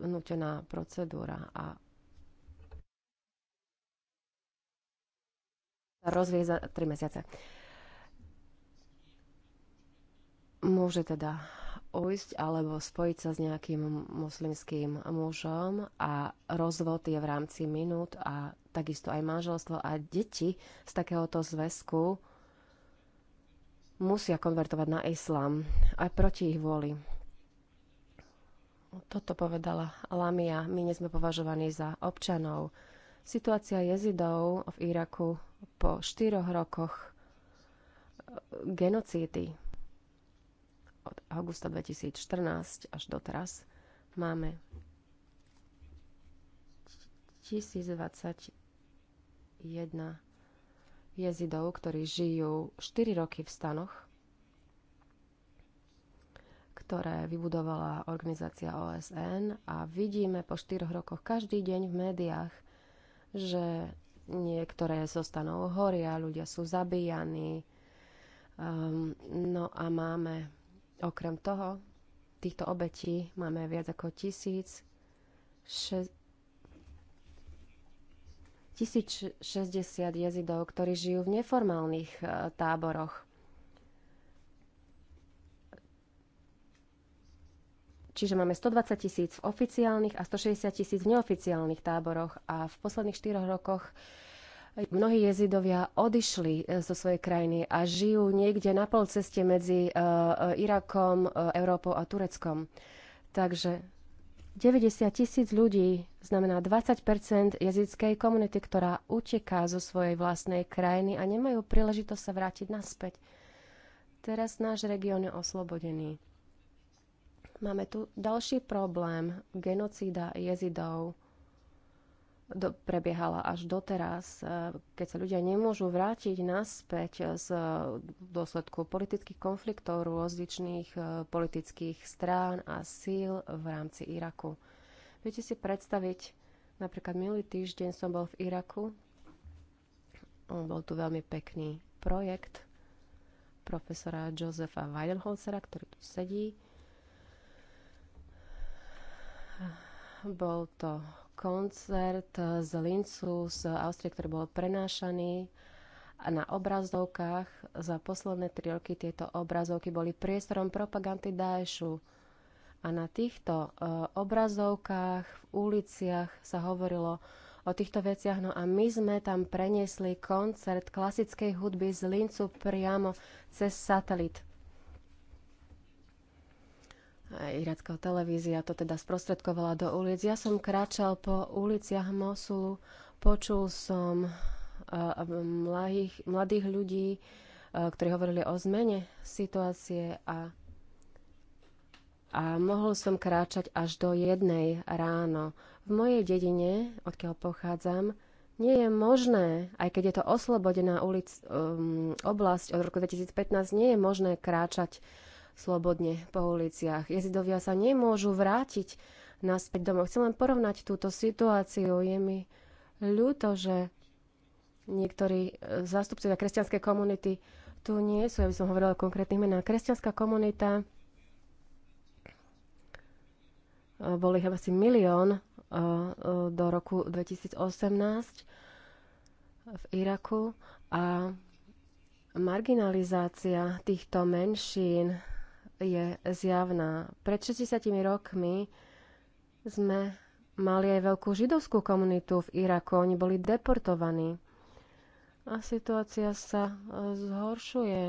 nutená procedúra a sa rozvie za 3 mesiace. Môže teda ujsť alebo spojiť sa s nejakým moslimským mužom a rozvod je v rámci minút a takisto aj manželstvo a deti z takéhoto zväzku musia konvertovať na islám aj proti ich vôli. Toto povedala Lamia. My nie sme považovaní za občanov. Situácia jezidov v Iraku po štyroch rokoch e, genocídy od augusta 2014 až doteraz máme 1021 jezidov, ktorí žijú 4 roky v stanoch, ktoré vybudovala organizácia OSN a vidíme po 4 rokoch každý deň v médiách že niektoré zostanú horia, ľudia sú zabíjani. Um, no a máme, okrem toho, týchto obetí máme viac ako 1060 jezidov, ktorí žijú v neformálnych eh, táboroch. Čiže máme 120 tisíc v oficiálnych a 160 tisíc v neoficiálnych táboroch a v posledných 4 rokoch Mnohí jezidovia odišli e, zo svojej krajiny a žijú niekde na polceste medzi e, e, Irakom, Európou a Tureckom. Takže 90 tisíc ľudí znamená 20 jezidskej komunity, ktorá uteká zo svojej vlastnej krajiny a nemajú príležitosť sa vrátiť naspäť. Teraz náš región je oslobodený. Máme tu ďalší problém. Genocída jezidov do, prebiehala až doteraz, e, keď sa ľudia nemôžu vrátiť naspäť e, z dôsledku politických konfliktov rôzličných e, politických strán a síl v rámci Iraku. Viete si predstaviť, napríklad minulý týždeň som bol v Iraku, bol tu veľmi pekný projekt profesora Josefa Weidenholzera, ktorý tu sedí, bol to koncert z Lincu z Austrie, ktorý bol prenášaný na obrazovkách. Za posledné tri roky tieto obrazovky boli priestorom propagandy Daešu. A na týchto e, obrazovkách v uliciach sa hovorilo o týchto veciach. No a my sme tam preniesli koncert klasickej hudby z Lincu priamo cez satelit iracká televízia to teda sprostredkovala do ulic. Ja som kráčal po uliciach Mosulu, počul som e, e, mladých, mladých ľudí, e, ktorí hovorili o zmene situácie a, a mohol som kráčať až do jednej ráno. V mojej dedine, odkiaľ pochádzam, nie je možné, aj keď je to oslobodená ulic, um, oblasť od roku 2015, nie je možné kráčať uh, slobodne po uliciach. Jezidovia sa nemôžu vrátiť naspäť domov. Chcem len porovnať túto situáciu. Je mi ľúto, že niektorí e, zástupcovia kresťanskej komunity tu nie sú. Ja by som hovorila o konkrétnych menách. Kresťanská komunita e, boli ich asi milión e, do roku 2018 v Iraku a marginalizácia týchto menšín je zjavná. Pred 60 rokmi sme mali aj veľkú židovskú komunitu v Iraku. Oni boli deportovaní. A situácia sa e, zhoršuje.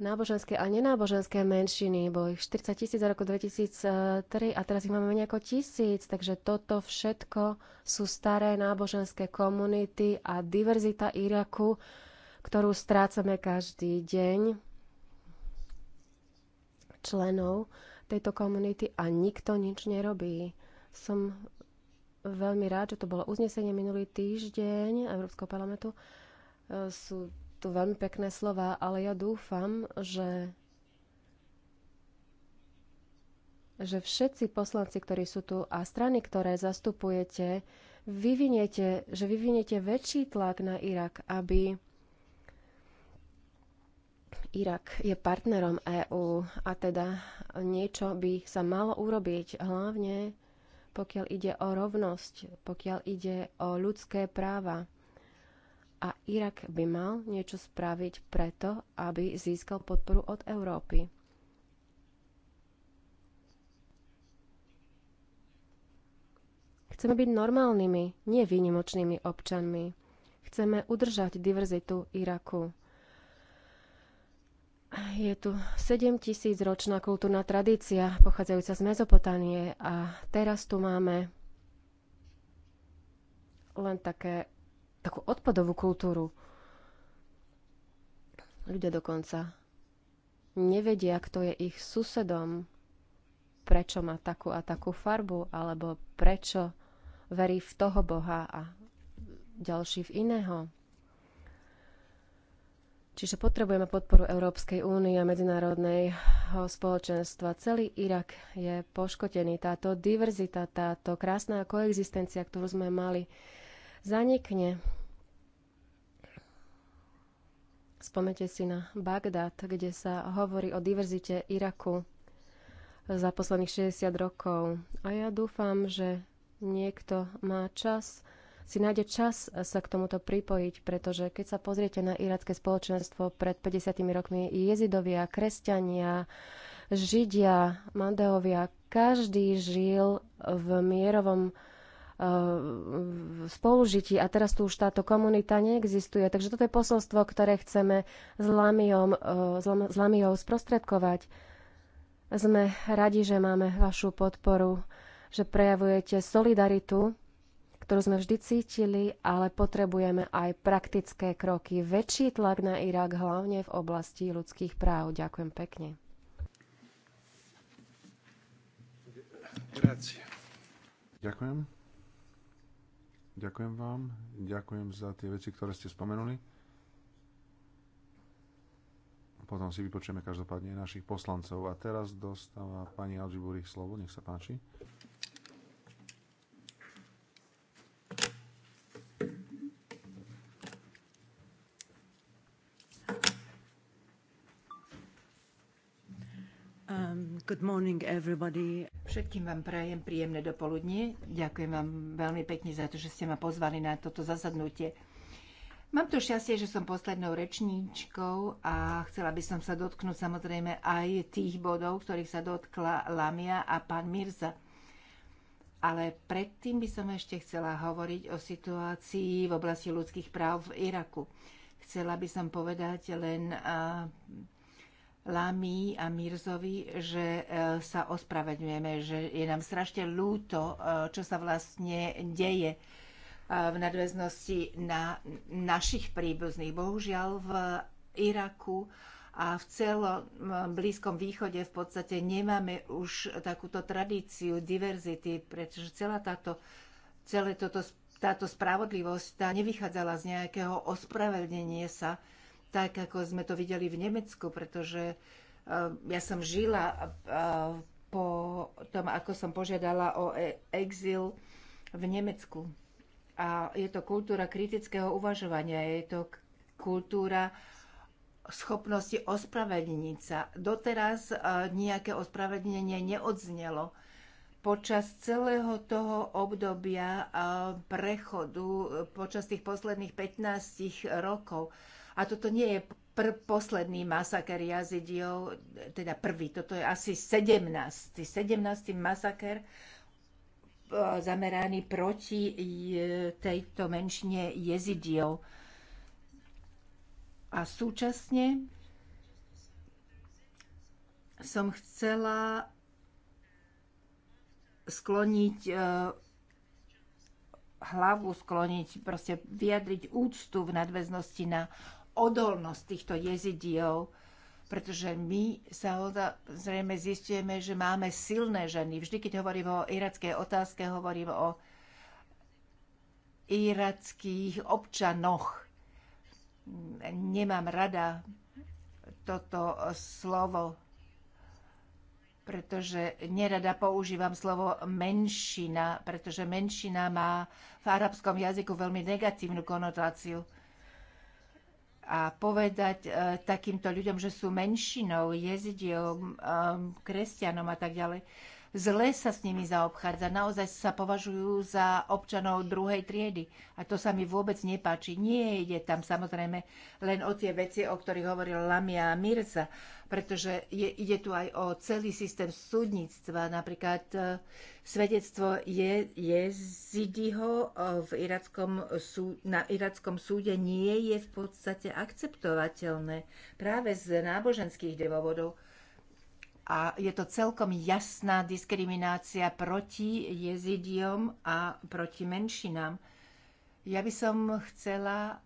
Náboženské a nenáboženské menšiny, bolo ich 40 tisíc za roku 2003 a teraz ich máme menej ako tisíc, takže toto všetko sú staré náboženské komunity a diverzita Iraku, ktorú strácame každý deň členov tejto komunity a nikto nič nerobí. Som veľmi rád, že to bolo uznesenie minulý týždeň Európskeho parlamentu. E, sú tu veľmi pekné slova, ale ja dúfam, že že všetci poslanci, ktorí sú tu a strany, ktoré zastupujete, vyviniete, že vyviniete väčší tlak na Irak, aby Irak je partnerom EÚ a teda niečo by sa malo urobiť, hlavne pokiaľ ide o rovnosť, pokiaľ ide o ľudské práva. A Irak by mal niečo spraviť preto, aby získal podporu od Európy. Chceme byť normálnymi, nevýnimočnými výnimočnými občanmi. Chceme udržať diverzitu Iraku. Je tu 7 tisíc ročná kultúrna tradícia pochádzajúca z Mezopotánie a teraz tu máme len také, takú odpadovú kultúru. Ľudia dokonca nevedia, kto je ich susedom, prečo má takú a takú farbu, alebo prečo verí v toho Boha a ďalší v iného. Čiže potrebujeme podporu Európskej únie a medzinárodného spoločenstva. Celý Irak je poškodený. Táto diverzita, táto krásna koexistencia, ktorú sme mali, zanikne. Spomnite si na Bagdad, kde sa hovorí o diverzite Iraku za posledných 60 rokov. A ja dúfam, že niekto má čas si nájde čas sa k tomuto pripojiť, pretože keď sa pozriete na iracké spoločenstvo pred 50 rokmi, jezidovia, kresťania, židia, mandeovia, každý žil v mierovom eh, spolužití a teraz tu už táto komunita neexistuje. Takže toto je posolstvo, ktoré chceme s eh, Lamiou sprostredkovať. Sme radi, že máme vašu podporu, že prejavujete solidaritu ktorú sme vždy cítili, ale potrebujeme aj praktické kroky, väčší tlak na Irak, hlavne v oblasti ľudských práv. Ďakujem pekne. Ďakujem. Ďakujem vám. Ďakujem za tie veci, ktoré ste spomenuli. Potom si vypočujeme každopádne našich poslancov. A teraz dostáva pani Alžiburich slovo. Nech sa páči. Good morning, everybody. Všetkým vám prajem príjemné dopoludnie. Ďakujem vám veľmi pekne za to, že ste ma pozvali na toto zasadnutie. Mám to šťastie, že som poslednou rečníčkou a chcela by som sa dotknúť samozrejme aj tých bodov, ktorých sa dotkla Lamia a pán Mirza. Ale predtým by som ešte chcela hovoriť o situácii v oblasti ľudských práv v Iraku. Chcela by som povedať len Lami a Mirzovi, že e, sa ospravedňujeme, že je nám strašne ľúto, e, čo sa vlastne deje e, v nadväznosti na našich príbuzných. Bohužiaľ v Iraku a v celom Blízkom východe v podstate nemáme už takúto tradíciu diverzity, pretože celá táto, celé toto, táto spravodlivosť tá nevychádzala z nejakého ospravedlnenie sa, tak ako sme to videli v Nemecku, pretože e, ja som žila e, po tom, ako som požiadala o e, exil v Nemecku. A je to kultúra kritického uvažovania, je to kultúra schopnosti ospravedlniť sa. Doteraz nejaké ospravedlnenie neodznelo. Počas celého toho obdobia prechodu, počas tých posledných 15 rokov, a toto nie je pr- posledný masaker jazidiov, teda prvý, toto je asi 17. 17. masaker e, zameraný proti e, tejto menšine jezidiov. A súčasne som chcela skloniť e, hlavu, skloniť, proste vyjadriť úctu v nadväznosti na odolnosť týchto jezidiev, pretože my sa zrejme zistujeme, že máme silné ženy. Vždy, keď hovorím o irackej otázke, hovorím o irackých občanoch. Nemám rada toto slovo, pretože nerada používam slovo menšina, pretože menšina má v arabskom jazyku veľmi negatívnu konotáciu a povedať uh, takýmto ľuďom, že sú menšinou, jezidiom, um, e, kresťanom a tak ďalej. uh, zle sa s nimi zaobchádza. Naozaj sa považujú za občanov druhej triedy. A to sa mi vôbec nepáči. Nie ide tam samozrejme len o tie veci, o ktorých hovoril Lamia Mirza, pretože je, ide tu aj o celý systém súdnictva. Napríklad e, svedectvo je, je Zidiho e, v irackom sú, na irackom súde nie je v podstate akceptovateľné práve z náboženských dôvodov a je to celkom jasná diskriminácia proti jezidiom a proti menšinám. Ja by som chcela,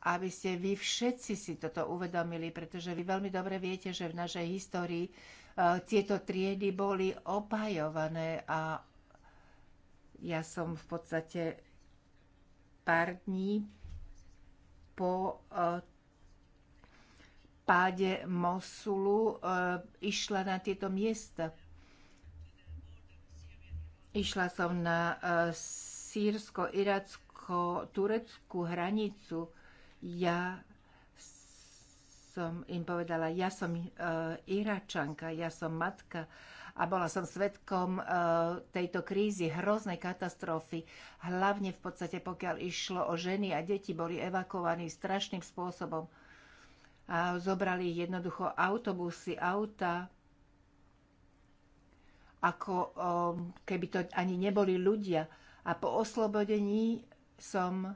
aby ste vy všetci si toto uvedomili, pretože vy veľmi dobre viete, že v našej histórii e, tieto triedy boli obhajované a ja som v podstate pár dní po e, páde Mosulu eh, išla na tieto miesta. Išla som na eh, sírsko-iracko-tureckú hranicu. Ja som im povedala, ja som eh, Iračanka, ja som matka a bola som svetkom tejto krízy, hroznej katastrofy. Hlavne v podstate, pokiaľ išlo o ženy a deti, boli evakuovaní strašným spôsobom a zobrali jednoducho autobusy, auta, ako um, keby to ani neboli ľudia. A po oslobodení som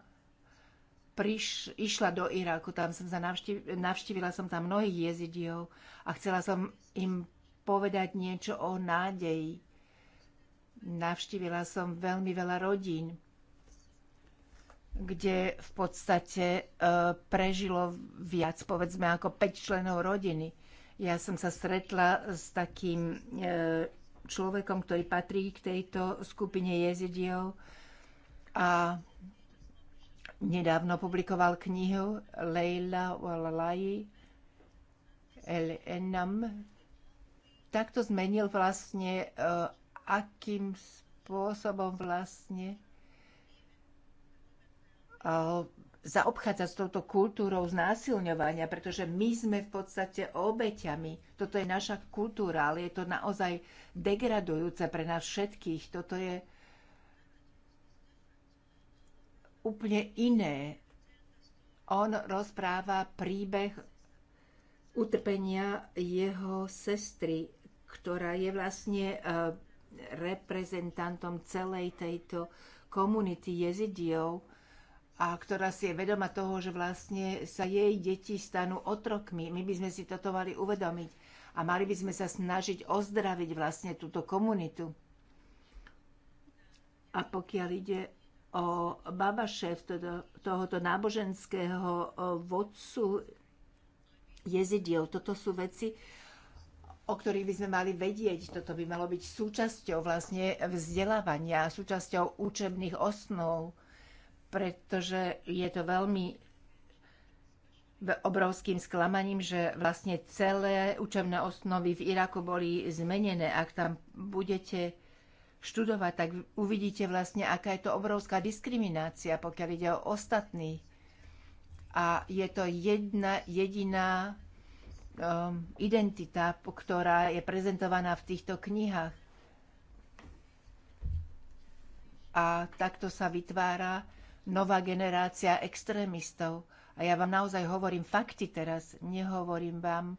priš, išla do Iraku, tam som sa navštívila, navštívila som tam mnohých jezidiov a chcela som im povedať niečo o nádeji. Navštívila som veľmi veľa rodín kde v podstate e, prežilo viac, povedzme, ako 5 členov rodiny. Ja som sa stretla s takým e, človekom, ktorý patrí k tejto skupine jezidiov a nedávno publikoval knihu Leila Walalai El Enam. Takto zmenil vlastne, e, akým spôsobom vlastne zaobchádza s touto kultúrou znásilňovania, pretože my sme v podstate obeťami. Toto je naša kultúra, ale je to naozaj degradujúce pre nás všetkých. Toto je úplne iné. On rozpráva príbeh utrpenia jeho sestry, ktorá je vlastne e, reprezentantom celej tejto komunity jezidiov, a ktorá si je vedoma toho, že vlastne sa jej deti stanú otrokmi. My by sme si toto mali uvedomiť a mali by sme sa snažiť ozdraviť vlastne túto komunitu. A pokiaľ ide o babašev, toto, tohoto náboženského vodcu jezidiel, toto sú veci, o ktorých by sme mali vedieť. Toto by malo byť súčasťou vlastne vzdelávania, súčasťou učebných osnov pretože je to veľmi obrovským sklamaním, že vlastne celé učebné osnovy v Iraku boli zmenené. Ak tam budete študovať, tak uvidíte vlastne, aká je to obrovská diskriminácia, pokiaľ ide o ostatný. A je to jedna jediná um, identita, ktorá je prezentovaná v týchto knihách. A takto sa vytvára nová generácia extrémistov. A ja vám naozaj hovorím fakty teraz, nehovorím vám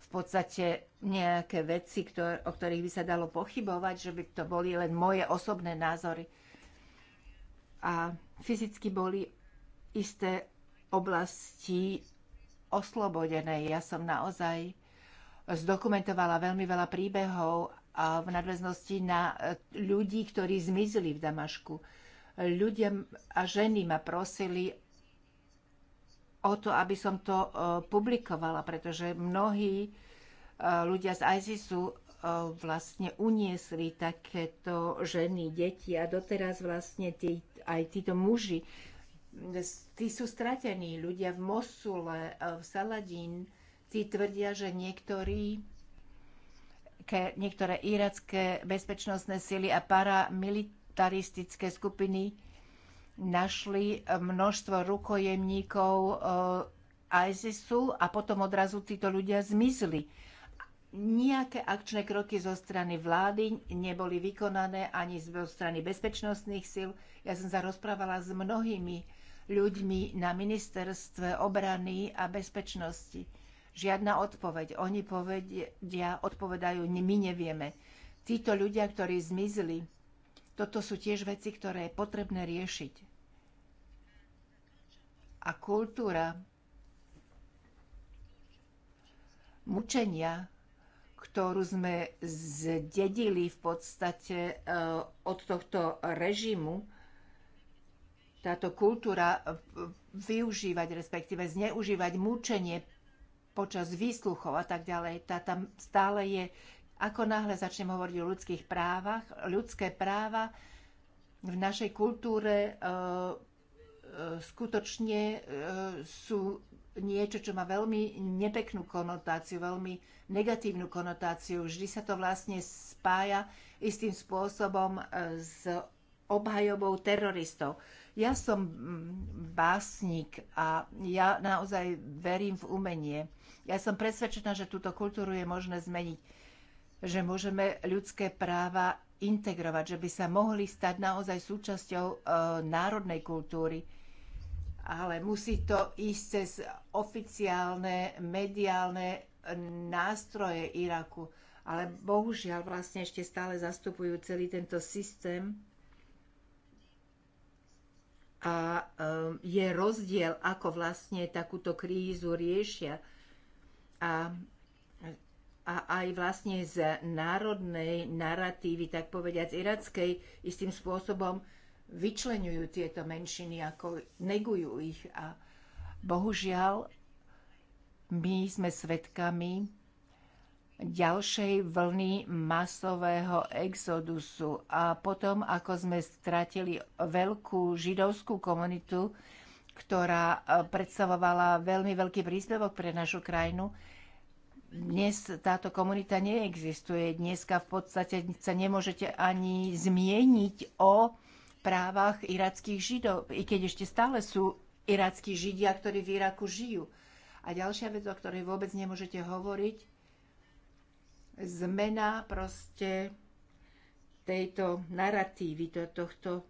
v podstate nejaké veci, ktor- o ktorých by sa dalo pochybovať, že by to boli len moje osobné názory. A fyzicky boli isté oblasti oslobodené. Ja som naozaj zdokumentovala veľmi veľa príbehov a v nadväznosti na eh, ľudí, ktorí zmizli v Damašku ľudia a ženy ma prosili o to, aby som to e, publikovala, pretože mnohí e, ľudia z ISISu e, vlastne uniesli takéto ženy, deti a doteraz vlastne tí, aj títo muži, tí sú stratení. Ľudia v Mosule, v Saladín, tí tvrdia, že niektorí niektoré iracké bezpečnostné sily a paramilitárne militaristické skupiny našli množstvo rukojemníkov eh, ISISu a potom odrazu títo ľudia zmizli. Nijaké akčné kroky zo strany vlády neboli vykonané ani zo strany bezpečnostných síl. Ja som sa rozprávala s mnohými ľuďmi na ministerstve obrany a bezpečnosti. Žiadna odpoveď. Oni povedia, odpovedajú, my nevieme. Títo ľudia, ktorí zmizli, toto sú tiež veci, ktoré je potrebné riešiť. A kultúra mučenia, ktorú sme zdedili v podstate e, od tohto režimu, táto kultúra e, využívať, respektíve zneužívať mučenie počas výsluchov a tak ďalej, tá tam stále je ako náhle začnem hovoriť o ľudských právach, ľudské práva v našej kultúre e, e, skutočne e, sú niečo, čo má veľmi nepeknú konotáciu, veľmi negatívnu konotáciu. Vždy sa to vlastne spája istým spôsobom s obhajobou teroristov. Ja som mm, básnik a ja naozaj verím v umenie. Ja som presvedčená, že túto kultúru je možné zmeniť že môžeme ľudské práva integrovať, že by sa mohli stať naozaj súčasťou e, národnej kultúry. Ale musí to ísť cez oficiálne, mediálne e, nástroje Iraku. Ale bohužiaľ vlastne ešte stále zastupujú celý tento systém a e, je rozdiel, ako vlastne takúto krízu riešia. A a aj vlastne z národnej narratívy, tak povediať z irackej, istým spôsobom vyčlenujú tieto menšiny, ako negujú ich. A bohužiaľ, my sme svedkami ďalšej vlny masového exodusu. A potom, ako sme stratili veľkú židovskú komunitu, ktorá eh, predstavovala veľmi veľký príspevok pre našu krajinu, dnes táto komunita neexistuje. Dneska v podstate sa nemôžete ani zmieniť o právach irackých židov, i keď ešte stále sú irackí židia, ktorí v Iraku žijú. A ďalšia vec, o ktorej vôbec nemôžete hovoriť, zmena proste tejto narratívy, tohto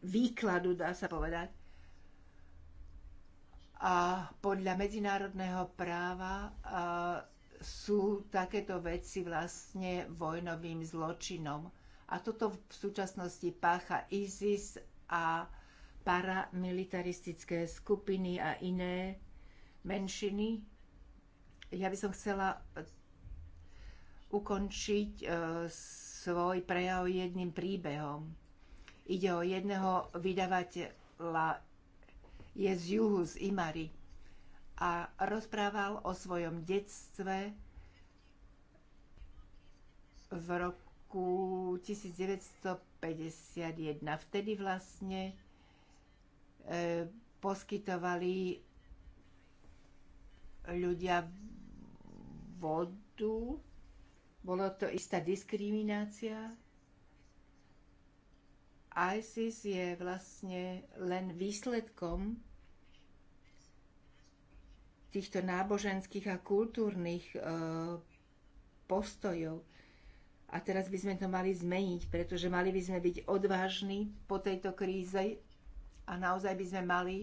výkladu, dá sa povedať a podľa medzinárodného práva sú takéto veci vlastne vojnovým zločinom. A toto v súčasnosti pácha ISIS a paramilitaristické skupiny a iné menšiny. Ja by som chcela ukončiť e, svoj prejav jedným príbehom. Ide o jedného vydavateľa je z juhu, z Imary a rozprával o svojom detstve v roku 1951. Vtedy vlastne e, poskytovali ľudia vodu. Bolo to istá diskriminácia. ISIS je vlastne len výsledkom týchto náboženských a kultúrnych e, postojov. A teraz by sme to mali zmeniť, pretože mali by sme byť odvážni po tejto kríze a naozaj by sme mali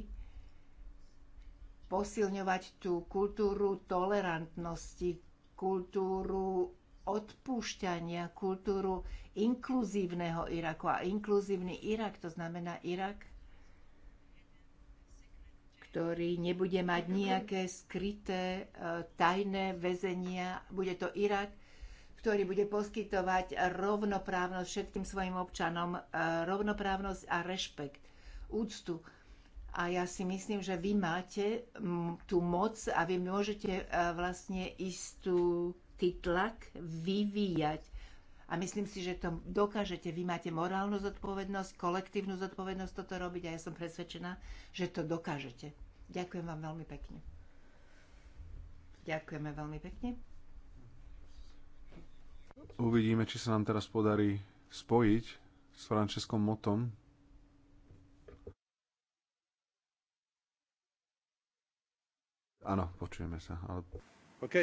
posilňovať tú kultúru tolerantnosti, kultúru odpúšťania, kultúru inkluzívneho Iraku. A inkluzívny Irak, to znamená Irak, ktorý nebude mať nejaké skryté e, tajné väzenia. Bude to Irak, ktorý bude poskytovať rovnoprávnosť všetkým svojim občanom, e, rovnoprávnosť a rešpekt, úctu. A ja si myslím, že vy máte tú moc a vy môžete e, vlastne istú tý tlak vyvíjať. A myslím si, že to dokážete. Vy máte morálnu zodpovednosť, kolektívnu zodpovednosť toto robiť a ja som presvedčená, že to dokážete. Ďakujem vám veľmi pekne. Ďakujeme veľmi pekne. Uvidíme, či sa nám teraz podarí spojiť s Frančeskom Motom. Áno, počujeme sa. Ale... OK.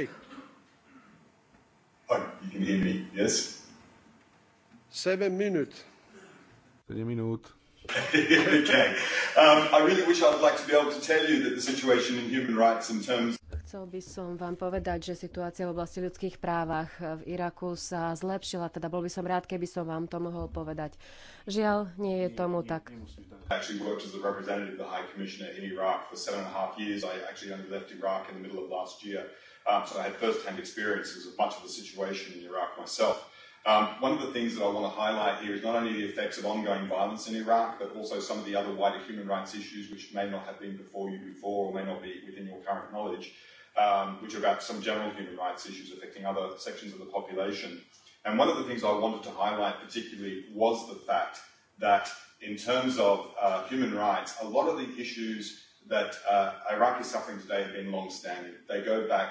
Yes. 7 minút. 7 minút okay. um, I really wish I like to be able to tell you that the situation in human rights in terms Chcel by som vám povedať, že situácia v oblasti ľudských právach eh, v Iraku sa zlepšila, teda bol by som rád, keby som vám to mohol povedať. Žiaľ, nie je tomu tak. Actually Um, so I had first-hand experiences of much of the situation in Iraq myself. Um, one of the things that I want to highlight here is not only the effects of ongoing violence in Iraq, but also some of the other wider human rights issues which may not have been before you before or may not be within your current knowledge, um, which are about some general human rights issues affecting other sections of the population. And one of the things I wanted to highlight particularly was the fact that in terms of uh, human rights, a lot of the issues that uh, Iraq is suffering today have been long-standing. They go back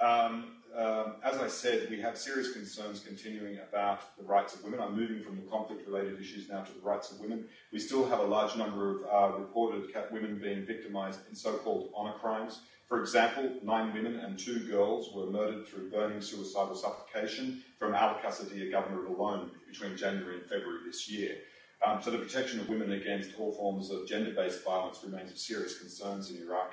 Um, um, as I said, we have serious concerns continuing about the rights of women. I'm moving from the conflict-related issues now to the rights of women. We still have a large number of uh, reported women being victimized in so-called honor crimes. For example, nine women and two girls were murdered through burning, suicidal suffocation from Al-Qasadiya of alone between January and February this year. Um, so the protection of women against all forms of gender-based violence remains of serious concerns in Iraq.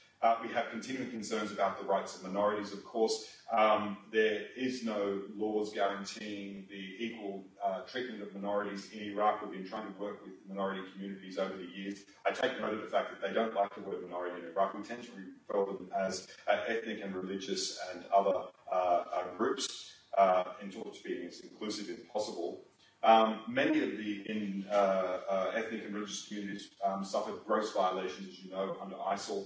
Uh, we have continuing concerns about the rights of minorities, of course. Um, there is no laws guaranteeing the equal uh, treatment of minorities in Iraq. We've been trying to work with minority communities over the years. I take note of the fact that they don't like the word minority in Iraq. We tend to refer to them as uh, ethnic and religious and other uh, uh, groups uh, in talk to being as inclusive as possible. Um, many of the in, uh, uh, ethnic and religious communities um, suffered gross violations, as you know, under ISIL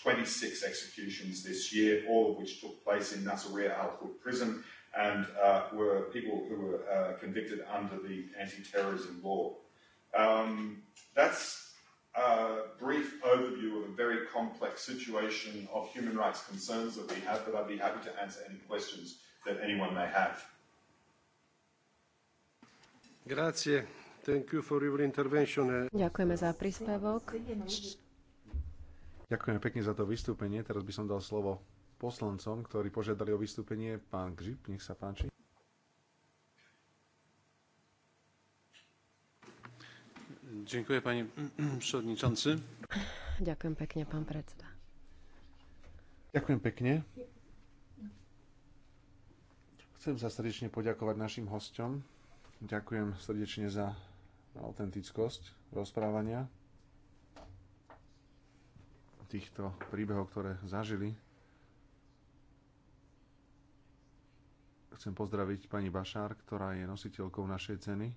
26 executions this year, all of which took place in Nasiriyah Al Qud prison and uh, were people who were uh, convicted under the anti-terrorism law. Um, that's a brief overview of a very complex situation of human rights concerns that we have, but I'd be happy to answer any questions that anyone may have. Grazie. Thank you for your intervention. Ďakujeme za príspevok. Ďakujem pekne za to vystúpenie. Teraz by som dal slovo poslancom, ktorí požiadali o vystúpenie. Pán Gžip, nech sa páči. Ďakujem, pani przewodniczący. Ďakujem pekne, pán predseda. Ďakujem pekne. Chcem sa srdečne poďakovať našim hosťom. Ďakujem srdečne za autentickosť rozprávania týchto príbehov, ktoré zažili. Chcem pozdraviť pani Bašár, ktorá je nositeľkou našej ceny.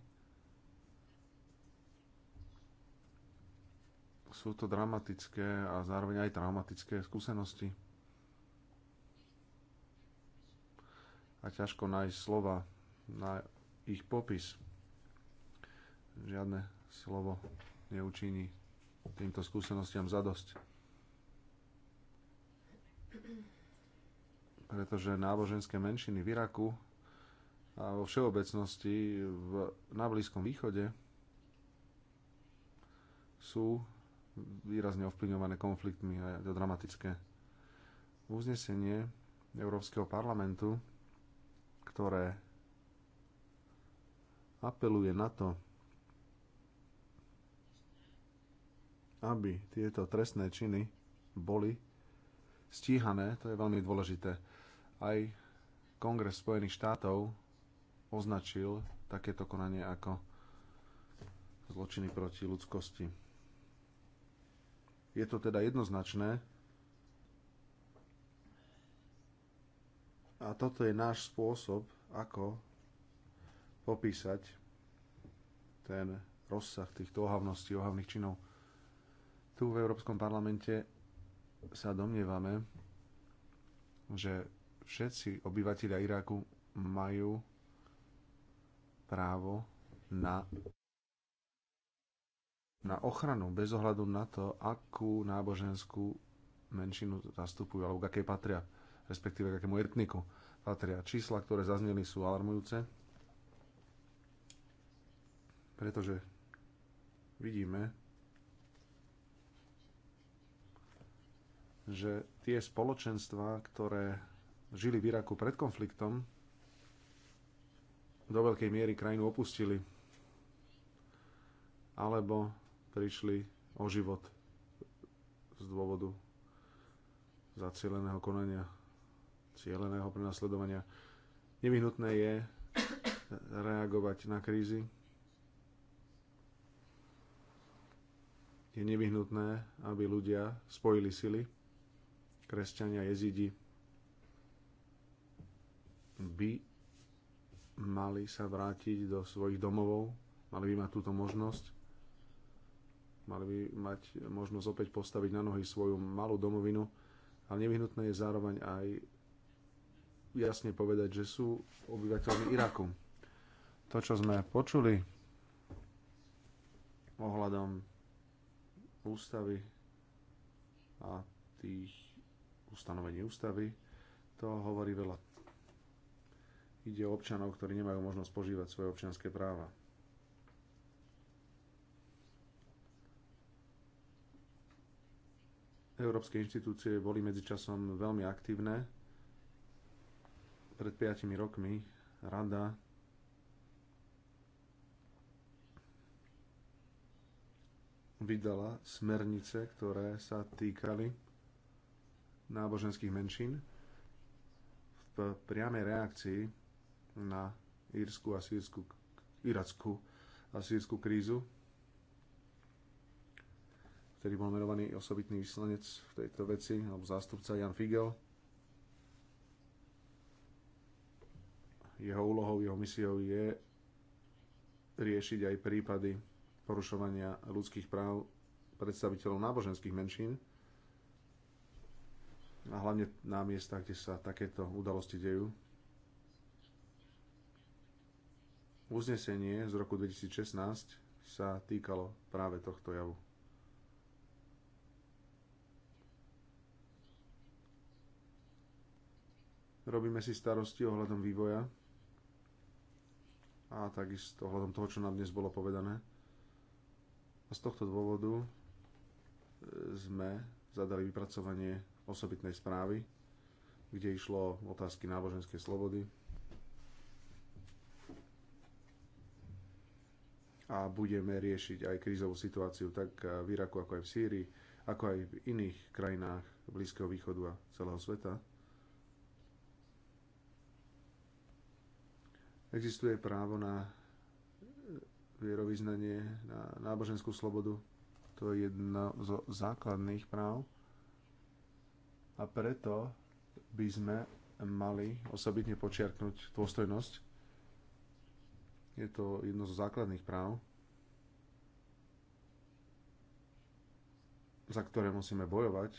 Sú to dramatické a zároveň aj traumatické skúsenosti. A ťažko nájsť slova na ich popis. Žiadne slovo neučiní týmto skúsenostiam zadosť pretože náboženské menšiny v Iraku a vo všeobecnosti v, na Blízkom východe sú výrazne ovplyvňované konfliktmi a je to dramatické. Uznesenie Európskeho parlamentu, ktoré apeluje na to, aby tieto trestné činy boli stíhané, to je veľmi dôležité. Aj Kongres Spojených štátov označil takéto konanie ako zločiny proti ľudskosti. Je to teda jednoznačné a toto je náš spôsob, ako popísať ten rozsah týchto ohavností, ohavných činov. Tu v Európskom parlamente sa domnievame, že všetci obyvateľia Iraku majú právo na, na ochranu bez ohľadu na to, akú náboženskú menšinu zastupujú alebo k akej patria, respektíve k akému etniku patria. Čísla, ktoré zazneli, sú alarmujúce, pretože vidíme, že tie spoločenstvá, ktoré žili v Iraku pred konfliktom, do veľkej miery krajinu opustili alebo prišli o život z dôvodu zacieleného konania, cieleného prenasledovania. Nevyhnutné je reagovať na krízy. Je nevyhnutné, aby ľudia spojili sily kresťania, jezidi by mali sa vrátiť do svojich domovov, mali by mať túto možnosť, mali by mať možnosť opäť postaviť na nohy svoju malú domovinu, ale nevyhnutné je zároveň aj jasne povedať, že sú obyvateľmi Iraku. To, čo sme počuli ohľadom ústavy a tých ustanovení ústavy. To hovorí veľa. Ide o občanov, ktorí nemajú možnosť požívať svoje občianské práva. Európske inštitúcie boli medzičasom veľmi aktívne. Pred 5 rokmi rada vydala smernice, ktoré sa týkali náboženských menšín v priamej reakcii na írsku a sírsku, irackú a sírsku krízu. ktorý bol menovaný osobitný vyslanec v tejto veci, alebo zástupca Jan Figel. Jeho úlohou, jeho misiou je riešiť aj prípady porušovania ľudských práv predstaviteľov náboženských menšín, a hlavne na miestach, kde sa takéto udalosti dejú. Uznesenie z roku 2016 sa týkalo práve tohto javu. Robíme si starosti ohľadom vývoja a takisto ohľadom toho, čo nám dnes bolo povedané. A z tohto dôvodu e, sme zadali vypracovanie osobitnej správy, kde išlo otázky náboženskej slobody. A budeme riešiť aj krízovú situáciu tak v Iraku, ako aj v Sýrii, ako aj v iných krajinách Blízkeho východu a celého sveta. Existuje právo na vierovýznanie, na náboženskú slobodu. To je jedno zo základných práv a preto by sme mali osobitne počiarknúť dôstojnosť. Je to jedno zo základných práv, za ktoré musíme bojovať,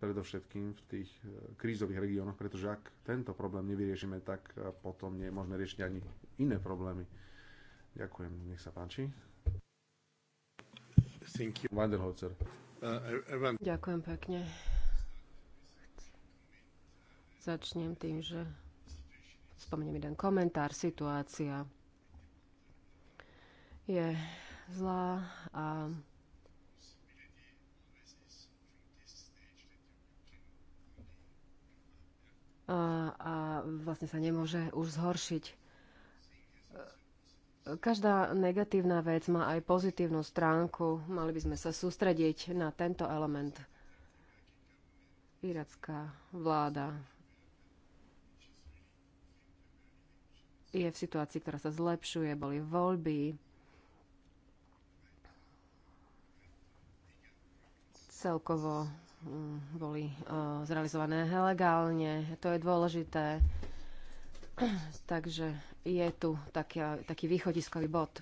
predovšetkým v tých e, krízových regiónoch, pretože ak tento problém nevyriešime, tak e, potom nie je možné riešiť ani iné problémy. Ďakujem, nech sa páči. Uh, Ďakujem pekne. Začnem tým, že spomeniem jeden komentár. Situácia je zlá a a, a vlastne sa nemôže už zhoršiť. Každá negatívna vec má aj pozitívnu stránku. Mali by sme sa sústrediť na tento element. Iracká vláda je v situácii, ktorá sa zlepšuje, boli voľby. Celkovo mm, boli e, zrealizované legálne. To je dôležité. Takže je tu taký, taký východiskový bod.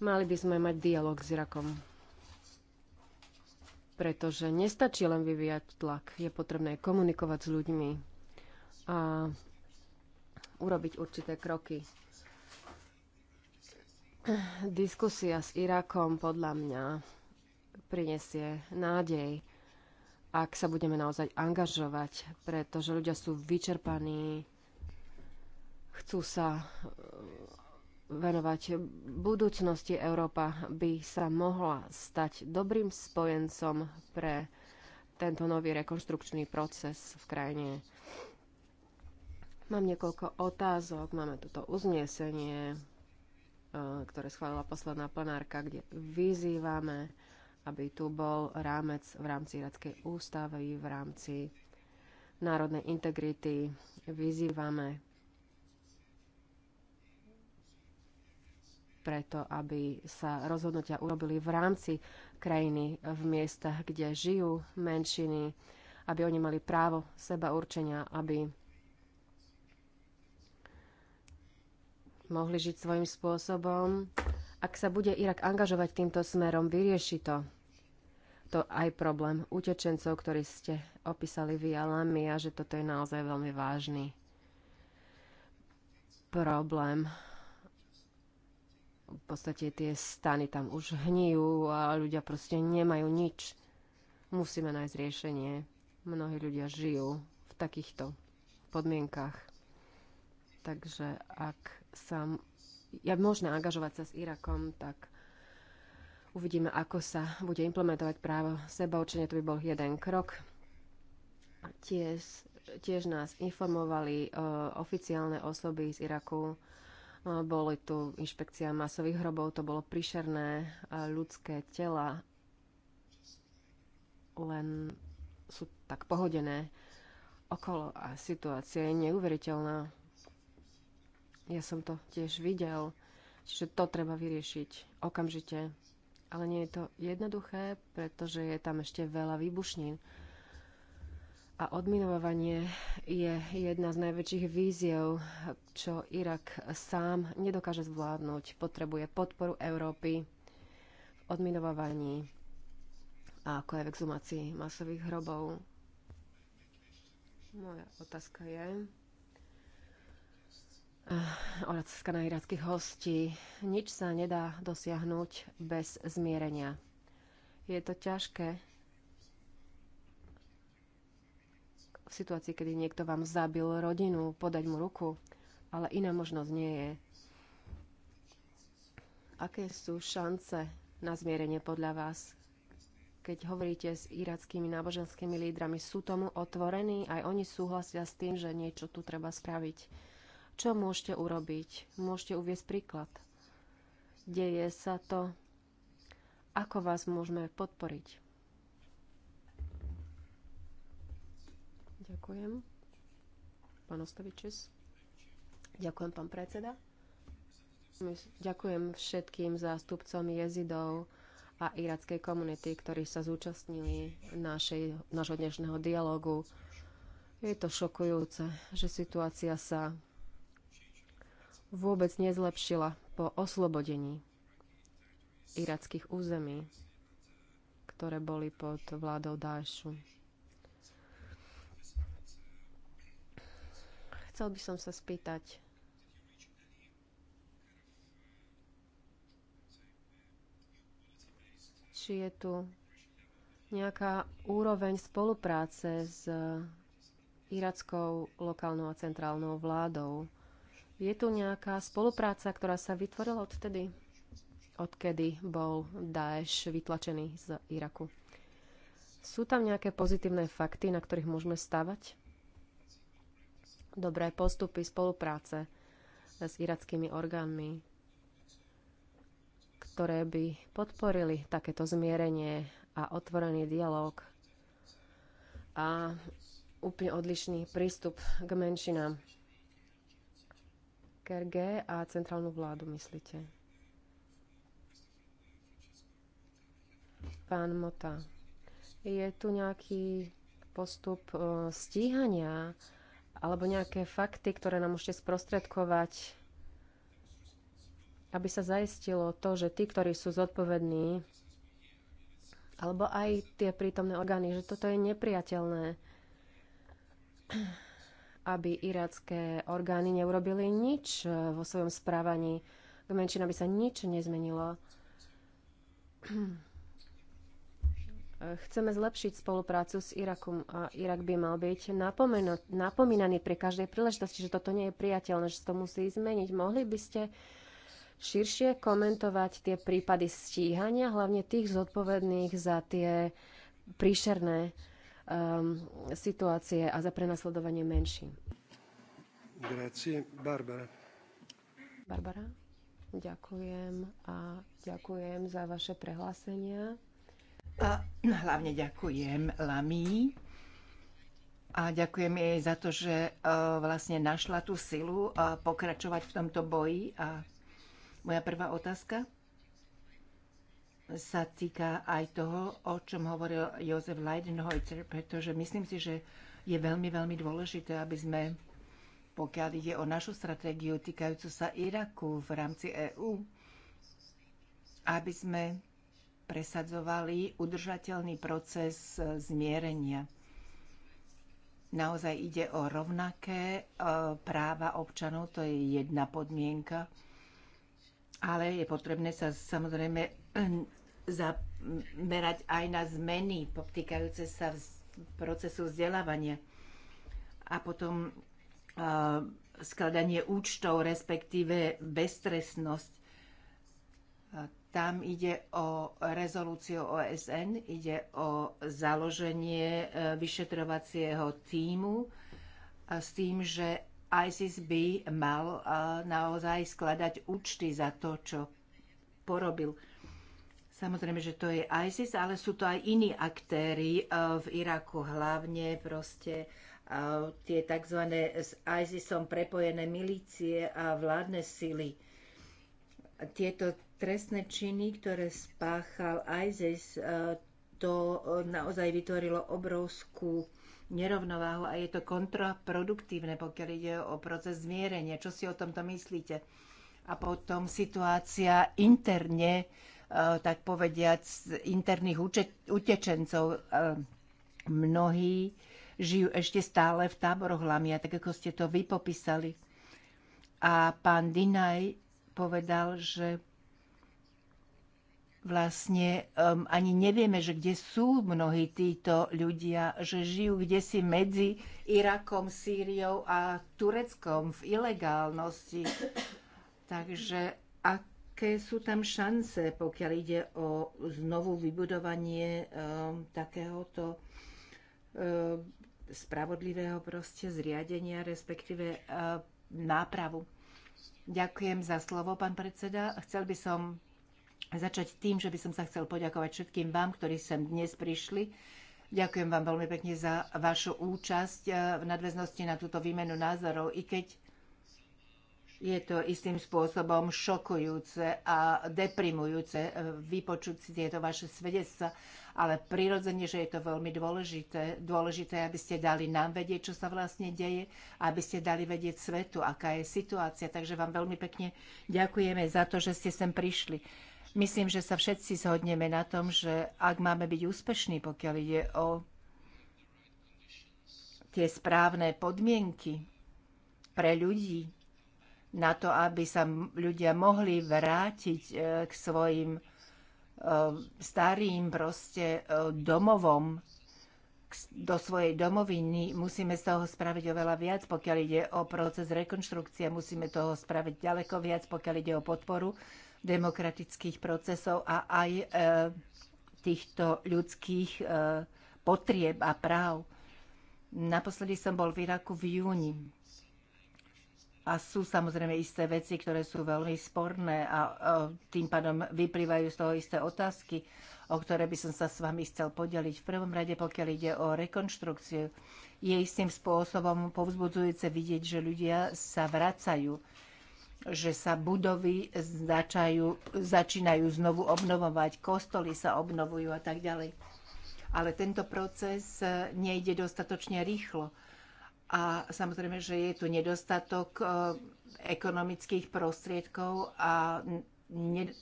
Mali by sme mať dialog s Irakom. Pretože nestačí len vyvíjať tlak. Je potrebné komunikovať s ľuďmi. A urobiť určité kroky. Diskusia s Irakom podľa mňa prinesie nádej, ak sa budeme naozaj angažovať, pretože ľudia sú vyčerpaní, chcú sa eh, venovať budúcnosti. Európa by sa mohla stať dobrým spojencom pre tento nový rekonštrukčný proces v krajine. Mám niekoľko otázok. Máme toto uznesenie, e, ktoré schválila posledná plenárka, kde vyzývame, aby tu bol rámec v rámci Radskej ústavy, v rámci národnej integrity. Vyzývame preto, aby sa rozhodnutia urobili v rámci krajiny, v miestach, kde žijú menšiny, aby oni mali právo seba určenia, aby mohli žiť svojim spôsobom. Ak sa bude Irak angažovať týmto smerom, vyrieši to. To aj problém utečencov, ktorý ste opísali vy a a že toto je naozaj veľmi vážny problém. V podstate tie stany tam už hnijú a ľudia proste nemajú nič. Musíme nájsť riešenie. Mnohí ľudia žijú v takýchto podmienkach. Takže ak sa, je možné angažovať sa s Irakom, tak uvidíme, ako sa bude implementovať právo seba. Určite to by bol jeden krok. Tiež, tiež nás informovali uh, oficiálne osoby z Iraku. Uh, boli tu inšpekcia masových hrobov, to bolo prišerné uh, e, ľudské tela, len sú tak pohodené okolo a situácia je neuveriteľná. Ja som to tiež videl. Čiže to treba vyriešiť okamžite. Ale nie je to jednoduché, pretože je tam ešte veľa výbušnín. A odminovanie je jedna z najväčších víziev, čo Irak sám nedokáže zvládnuť. Potrebuje podporu Európy v odminovaní a ako aj v exhumácii masových hrobov. Moja otázka je, Ah, od kanadických hostí. Nič sa nedá dosiahnuť bez zmierenia. Je to ťažké v situácii, kedy niekto vám zabil rodinu, podať mu ruku, ale iná možnosť nie je. Aké sú šance na zmierenie podľa vás? Keď hovoríte s irackými náboženskými lídrami, sú tomu otvorení? Aj oni súhlasia s tým, že niečo tu treba spraviť. Čo môžete urobiť? Môžete uviesť príklad. Deje sa to. Ako vás môžeme podporiť? Ďakujem. Pán Ostavičes. Ďakujem, pán predseda. Ďakujem všetkým zástupcom jezidov a irackej komunity, ktorí sa zúčastnili našej, našho dnešného dialogu. Je to šokujúce, že situácia sa vôbec nezlepšila po oslobodení irackých území, ktoré boli pod vládou Dášu. Chcel by som sa spýtať, či je tu nejaká úroveň spolupráce s irackou lokálnou a centrálnou vládou je tu nejaká spolupráca, ktorá sa vytvorila odtedy, odkedy bol Daesh vytlačený z Iraku? Sú tam nejaké pozitívne fakty, na ktorých môžeme stavať? Dobré postupy spolupráce s irackými orgánmi, ktoré by podporili takéto zmierenie a otvorený dialog a úplne odlišný prístup k menšinám. KRG a centrálnu vládu, myslíte? Pán Mota, je tu nejaký postup e, stíhania alebo nejaké fakty, ktoré nám môžete sprostredkovať, aby sa zaistilo to, že tí, ktorí sú zodpovední, alebo aj tie prítomné orgány, že toto je nepriateľné aby iracké orgány neurobili nič e, vo svojom správaní k menšinám, aby sa nič nezmenilo. Chceme zlepšiť spoluprácu s Irakom a Irak by mal byť napomínaný pri každej príležitosti, že toto nie je priateľné, že to musí zmeniť. Mohli by ste širšie komentovať tie prípady stíhania, hlavne tých zodpovedných za tie príšerné um, situácie a za prenasledovanie menšín. Grazie. Barbara. Barbara, ďakujem a ďakujem za vaše prehlásenia. A hlavne ďakujem Lami a ďakujem jej za to, že e, vlastne našla tú silu e, pokračovať v tomto boji. A moja prvá otázka sa týka aj toho, o čom hovoril Jozef Leidenhoitzer, pretože myslím si, že je veľmi, veľmi dôležité, aby sme, pokiaľ ide o našu stratégiu týkajúcu sa Iraku v rámci EÚ, aby sme presadzovali udržateľný proces zmierenia. Naozaj ide o rovnaké e, práva občanov, to je jedna podmienka, ale je potrebné sa samozrejme zamerať aj na zmeny týkajúce sa procesu vzdelávania a potom uh, skladanie účtov, respektíve bezstresnosť. E, tam ide o rezolúciu OSN, ide o založenie e, vyšetrovacieho týmu s tým, že ISIS by mal naozaj skladať účty za to, čo porobil. Samozrejme, že to je ISIS, ale sú to aj iní aktéry eh, v Iraku, hlavne proste eh, tie tzv. s ISISom prepojené milície a vládne sily. Tieto trestné činy, ktoré spáchal ISIS, eh, to naozaj vytvorilo obrovskú nerovnováhu a je to kontraproduktívne, pokiaľ ide o proces zmierenia. Čo si o tomto myslíte? A potom situácia interne Eh, tak povediať, interných utečencov. Eh, mnohí žijú ešte stále v táboroch Lamia, tak ako ste to vy popísali. A pán Dinaj povedal, že vlastne um, ani nevieme, že kde sú mnohí títo ľudia, že žijú kde si medzi Irakom, Sýriou a Tureckom v ilegálnosti. Takže ak aké sú tam šance, pokiaľ ide o znovu vybudovanie um, takéhoto um, spravodlivého proste zriadenia, respektíve uh, nápravu. Ďakujem za slovo, pán predseda. Chcel by som začať tým, že by som sa chcel poďakovať všetkým vám, ktorí sem dnes prišli. Ďakujem vám veľmi pekne za vašu účasť v nadväznosti na túto výmenu názorov, i keď je to istým spôsobom šokujúce a deprimujúce e, vypočuť si tieto vaše svedectva, ale prirodzene, že je to veľmi dôležité. Dôležité, aby ste dali nám vedieť, čo sa vlastne deje, aby ste dali vedieť svetu, aká je situácia. Takže vám veľmi pekne ďakujeme za to, že ste sem prišli. Myslím, že sa všetci zhodneme na tom, že ak máme byť úspešní, pokiaľ ide o tie správne podmienky pre ľudí, na to, aby sa ľudia mohli vrátiť e, k svojim e, starým proste e, domovom, do svojej domoviny. Musíme z toho spraviť oveľa viac, pokiaľ ide o proces rekonštrukcie. Musíme toho spraviť ďaleko viac, pokiaľ ide o podporu demokratických procesov a aj týchto ľudských potrieb a práv. Naposledy som bol v Iraku v júni a sú samozrejme isté veci, ktoré sú veľmi sporné a tým pádom vyplývajú z toho isté otázky, o ktoré by som sa s vami chcel podeliť. V prvom rade, pokiaľ ide o rekonštrukciu, je istým spôsobom povzbudzujúce vidieť, že ľudia sa vracajú že sa budovy začajú, začínajú znovu obnovovať, kostoly sa obnovujú a tak ďalej. Ale tento proces eh, nejde dostatočne rýchlo. A samozrejme, že je tu nedostatok e, ekonomických prostriedkov a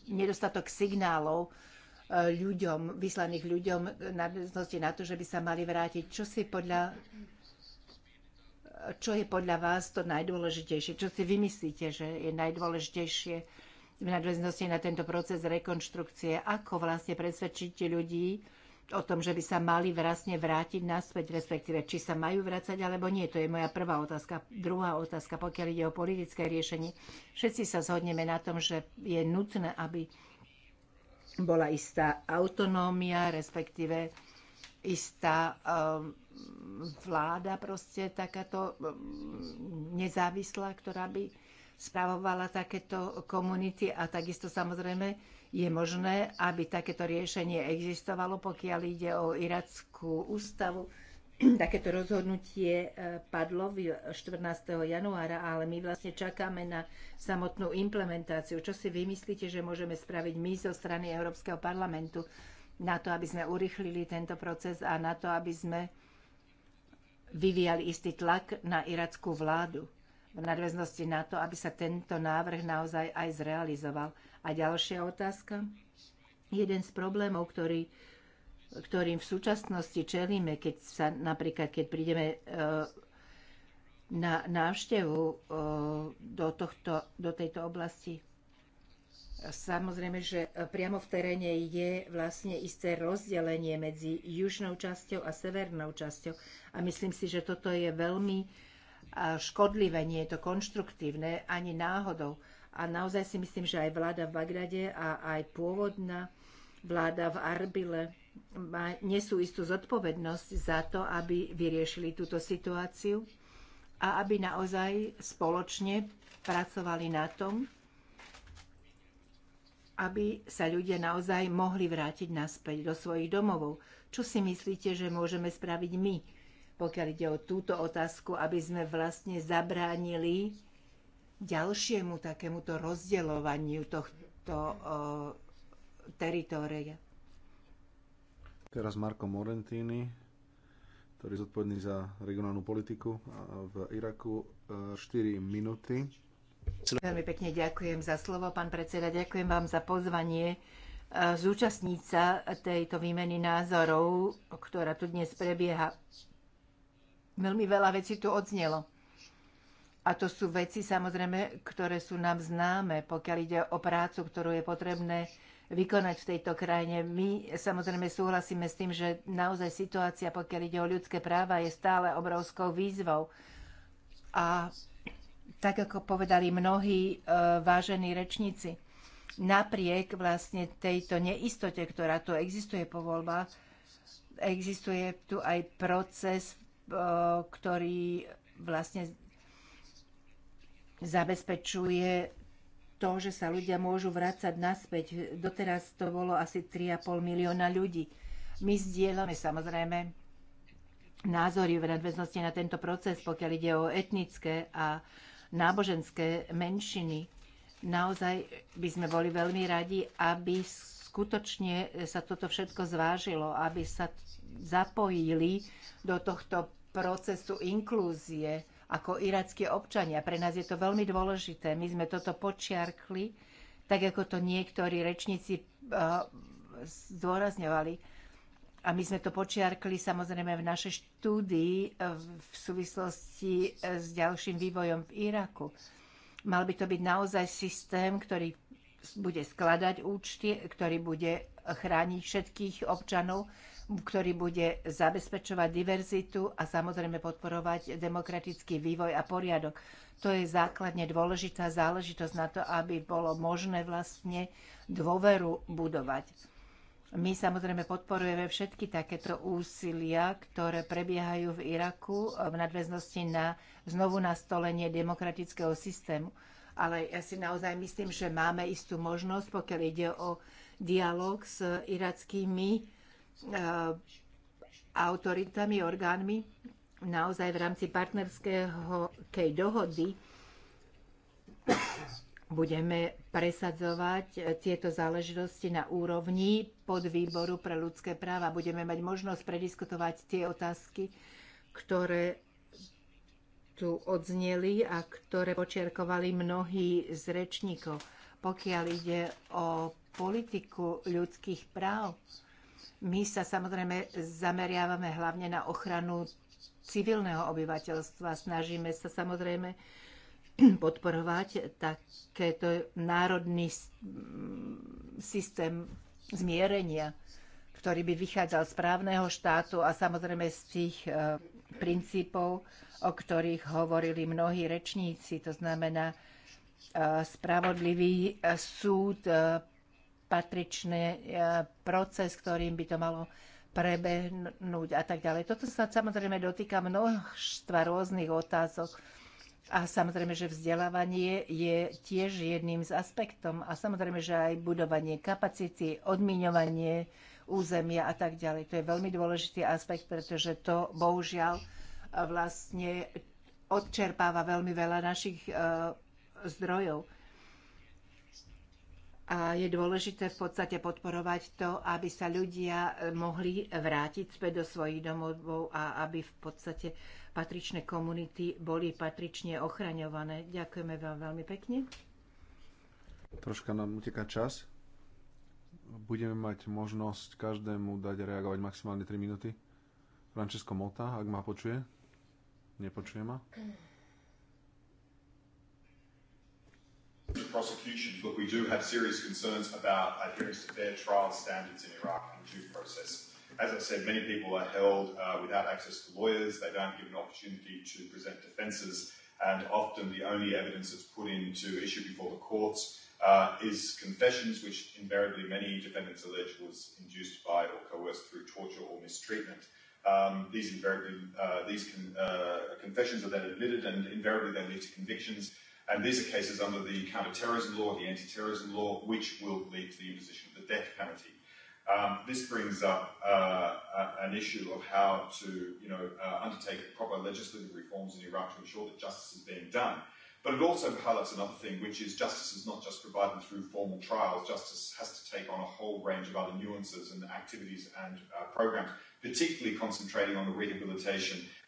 nedostatok signálov e, ľuďom, vyslaných ľuďom nadväznosti na to, že by sa mali vrátiť. Čo si podľa čo je podľa vás to najdôležitejšie? Čo si vymyslíte, že je najdôležitejšie v nadväznosti na tento proces rekonštrukcie? Ako vlastne presvedčíte ľudí, o tom, že by sa mali vlastne vrátiť naspäť, respektíve či sa majú vrácať alebo nie. To je moja prvá otázka. Druhá otázka, pokiaľ ide o politické riešenie. Všetci sa zhodneme na tom, že je nutné, aby bola istá autonómia, respektíve istá ehm, vláda proste takáto ehm, nezávislá, ktorá by spravovala takéto komunity a takisto samozrejme je možné, aby takéto riešenie existovalo, pokiaľ ide o irackú ústavu. Takéto rozhodnutie e, padlo 14. januára, ale my vlastne čakáme na samotnú implementáciu. Čo si vymyslíte, že môžeme spraviť my zo strany Európskeho parlamentu na to, aby sme urychlili tento proces a na to, aby sme vyvíjali istý tlak na irackú vládu v nadväznosti na to, aby sa tento návrh naozaj aj zrealizoval a ďalšia otázka. Jeden z problémov, ktorý ktorým v súčasnosti čelíme, keď sa napríklad, keď prídeme e, na návštevu e, do, tohto, do tejto oblasti. Samozrejme, že priamo v teréne je vlastne isté rozdelenie medzi južnou časťou a severnou časťou. A myslím si, že toto je veľmi škodlivé, nie je to konštruktívne ani náhodou. A naozaj si myslím, že aj vláda v Bagdade a aj pôvodná vláda v Arbile nesú istú zodpovednosť za to, aby vyriešili túto situáciu a aby naozaj spoločne pracovali na tom, aby sa ľudia naozaj mohli vrátiť naspäť do svojich domovov. Čo si myslíte, že môžeme spraviť my, pokiaľ ide o túto otázku, aby sme vlastne zabránili ďalšiemu takémuto rozdeľovaniu tohto teritória. Teraz Marko Morentini, ktorý je zodpovedný za regionálnu politiku v Iraku. 4 e, minúty. Veľmi pekne ďakujem za slovo, pán predseda. Ďakujem vám za pozvanie e, zúčastniť sa tejto výmeny názorov, ktorá tu dnes prebieha. Veľmi veľa vecí tu odznelo. A to sú veci, samozrejme, ktoré sú nám známe, pokiaľ ide o prácu, ktorú je potrebné vykonať v tejto krajine. My samozrejme súhlasíme s tým, že naozaj situácia, pokiaľ ide o ľudské práva, je stále obrovskou výzvou. A tak, ako povedali mnohí e, vážení rečníci, napriek vlastne tejto neistote, ktorá tu existuje po voľbách, existuje tu aj proces, e, ktorý vlastne zabezpečuje to, že sa ľudia môžu vrácať naspäť. Doteraz to bolo asi 3,5 milióna ľudí. My zdieľame samozrejme názory v nadväznosti na tento proces, pokiaľ ide o etnické a náboženské menšiny. Naozaj by sme boli veľmi radi, aby skutočne sa toto všetko zvážilo, aby sa zapojili do tohto procesu inklúzie ako irackí občania. Pre nás je to veľmi dôležité. My sme toto počiarkli, tak ako to niektorí rečníci eh, zdôrazňovali. A my sme to počiarkli samozrejme v našej štúdii eh, v súvislosti eh, s ďalším vývojom v Iraku. Mal by to byť naozaj systém, ktorý bude skladať účty, ktorý bude chrániť všetkých občanov, ktorý bude zabezpečovať diverzitu a samozrejme podporovať demokratický vývoj a poriadok. To je základne dôležitá záležitosť na to, aby bolo možné vlastne dôveru budovať. My samozrejme podporujeme všetky takéto úsilia, ktoré prebiehajú v Iraku v nadväznosti na znovu nastolenie demokratického systému. Ale ja si naozaj myslím, že máme istú možnosť, pokiaľ ide o dialog s irackými E, autoritami, orgánmi, naozaj v rámci partnerského tej dohody budeme presadzovať tieto záležitosti na úrovni podvýboru pre ľudské práva. Budeme mať možnosť prediskutovať tie otázky, ktoré tu odzneli a ktoré počiarkovali mnohí z rečníkov. Pokiaľ ide o politiku ľudských práv, my sa samozrejme zameriavame hlavne na ochranu civilného obyvateľstva. Snažíme sa samozrejme podporovať takéto národný systém zmierenia, ktorý by vychádzal z právneho štátu a samozrejme z tých e, princípov, o ktorých hovorili mnohí rečníci, to znamená e, spravodlivý e, súd, patričný e, proces, ktorým by to malo prebehnúť a tak ďalej. Toto sa samozrejme dotýka množstva rôznych otázok. A samozrejme, že vzdelávanie je tiež jedným z aspektom. A samozrejme, že aj budovanie kapacity, odmiňovanie územia a tak ďalej. To je veľmi dôležitý aspekt, pretože to bohužiaľ vlastne odčerpáva veľmi veľa našich e, zdrojov. A je dôležité v podstate podporovať to, aby sa ľudia e, mohli vrátiť späť do svojich domovov a aby v podstate patričné komunity boli patrične ochraňované. Ďakujeme vám veľmi pekne. Troška nám uteká čas. Budeme mať možnosť každému dať reagovať maximálne 3 minúty. Francesco Mota, ak ma počuje. Nepočuje ma. prosecution but we do have serious concerns about adherence to fair trial standards in Iraq and due process. As I said, many people are held uh, without access to lawyers. They don't give an opportunity to present defences, and often the only evidence that's put into issue before the courts uh, is confessions, which invariably many defendants allege was induced by or coerced through torture or mistreatment. Um, these invariably, uh, these con- uh, confessions are then admitted and invariably they lead to convictions And these are cases under the counterterrorism law, the anti-terrorism law, which will lead to the imposition of the death penalty. Um, this brings up uh, an issue of how to, you know, uh, undertake proper legislative reforms in Iraq to ensure that justice is being done. But it also highlights another thing, which is justice is not just provided through formal trials. Justice has to take on a whole range of other nuances and activities and uh, programs, particularly concentrating on the rehabilitation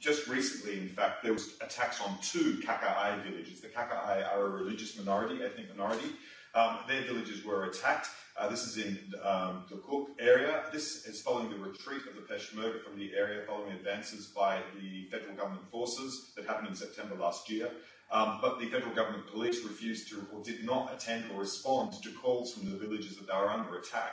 just recently, in fact, there was attacks on two Kaka'ai villages. The Kaka'ai are a religious minority, ethnic minority. Um, their villages were attacked. Uh, this is in um, the Cook area. This is following the retreat of the Peshmerga from the area, following advances by the federal government forces that happened in September last year. Um, but the federal government police refused to or did not attend or respond to calls from the villages that they were under attack.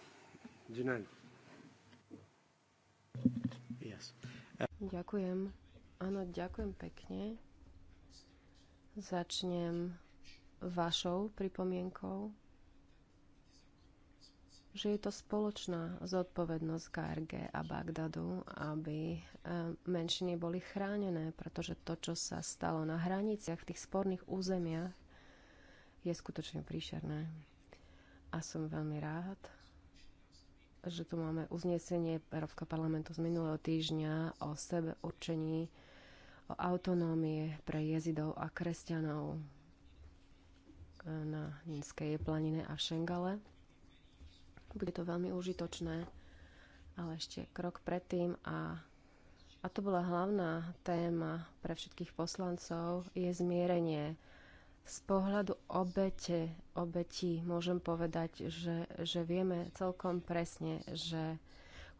Yes. Ďakujem. Áno, ďakujem pekne. Začnem vašou pripomienkou, že je to spoločná zodpovednosť KRG a Bagdadu, aby e, menšiny boli chránené, pretože to, čo sa stalo na hraniciach v tých sporných územiach, je skutočne príšerné. A som veľmi rád, že tu máme uznesenie Európskeho parlamentu z minulého týždňa o sebe určení, o autonómie pre jezidov a kresťanov na nínskej planine a Šengale. Bude to veľmi užitočné, ale ešte krok predtým a a to bola hlavná téma pre všetkých poslancov, je zmierenie z pohľadu obete, obetí môžem povedať, že, že vieme celkom presne, že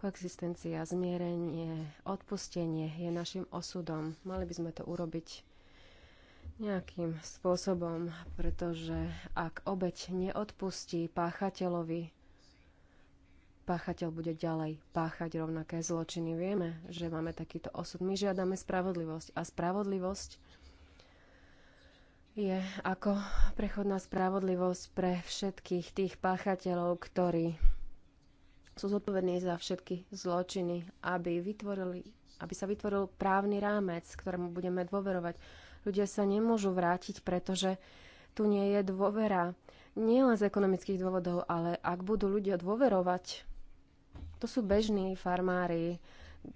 koexistencia, zmierenie, odpustenie je našim osudom. Mali by sme to urobiť nejakým spôsobom, pretože ak obeť neodpustí páchateľovi, páchateľ bude ďalej páchať rovnaké zločiny. Vieme, že máme takýto osud. My žiadame spravodlivosť a spravodlivosť je ako prechodná spravodlivosť pre všetkých tých páchateľov, ktorí sú zodpovední za všetky zločiny, aby, vytvorili, aby sa vytvoril právny rámec, ktorému budeme dôverovať. Ľudia sa nemôžu vrátiť, pretože tu nie je dôvera. Nie len z ekonomických dôvodov, ale ak budú ľudia dôverovať, to sú bežní farmári,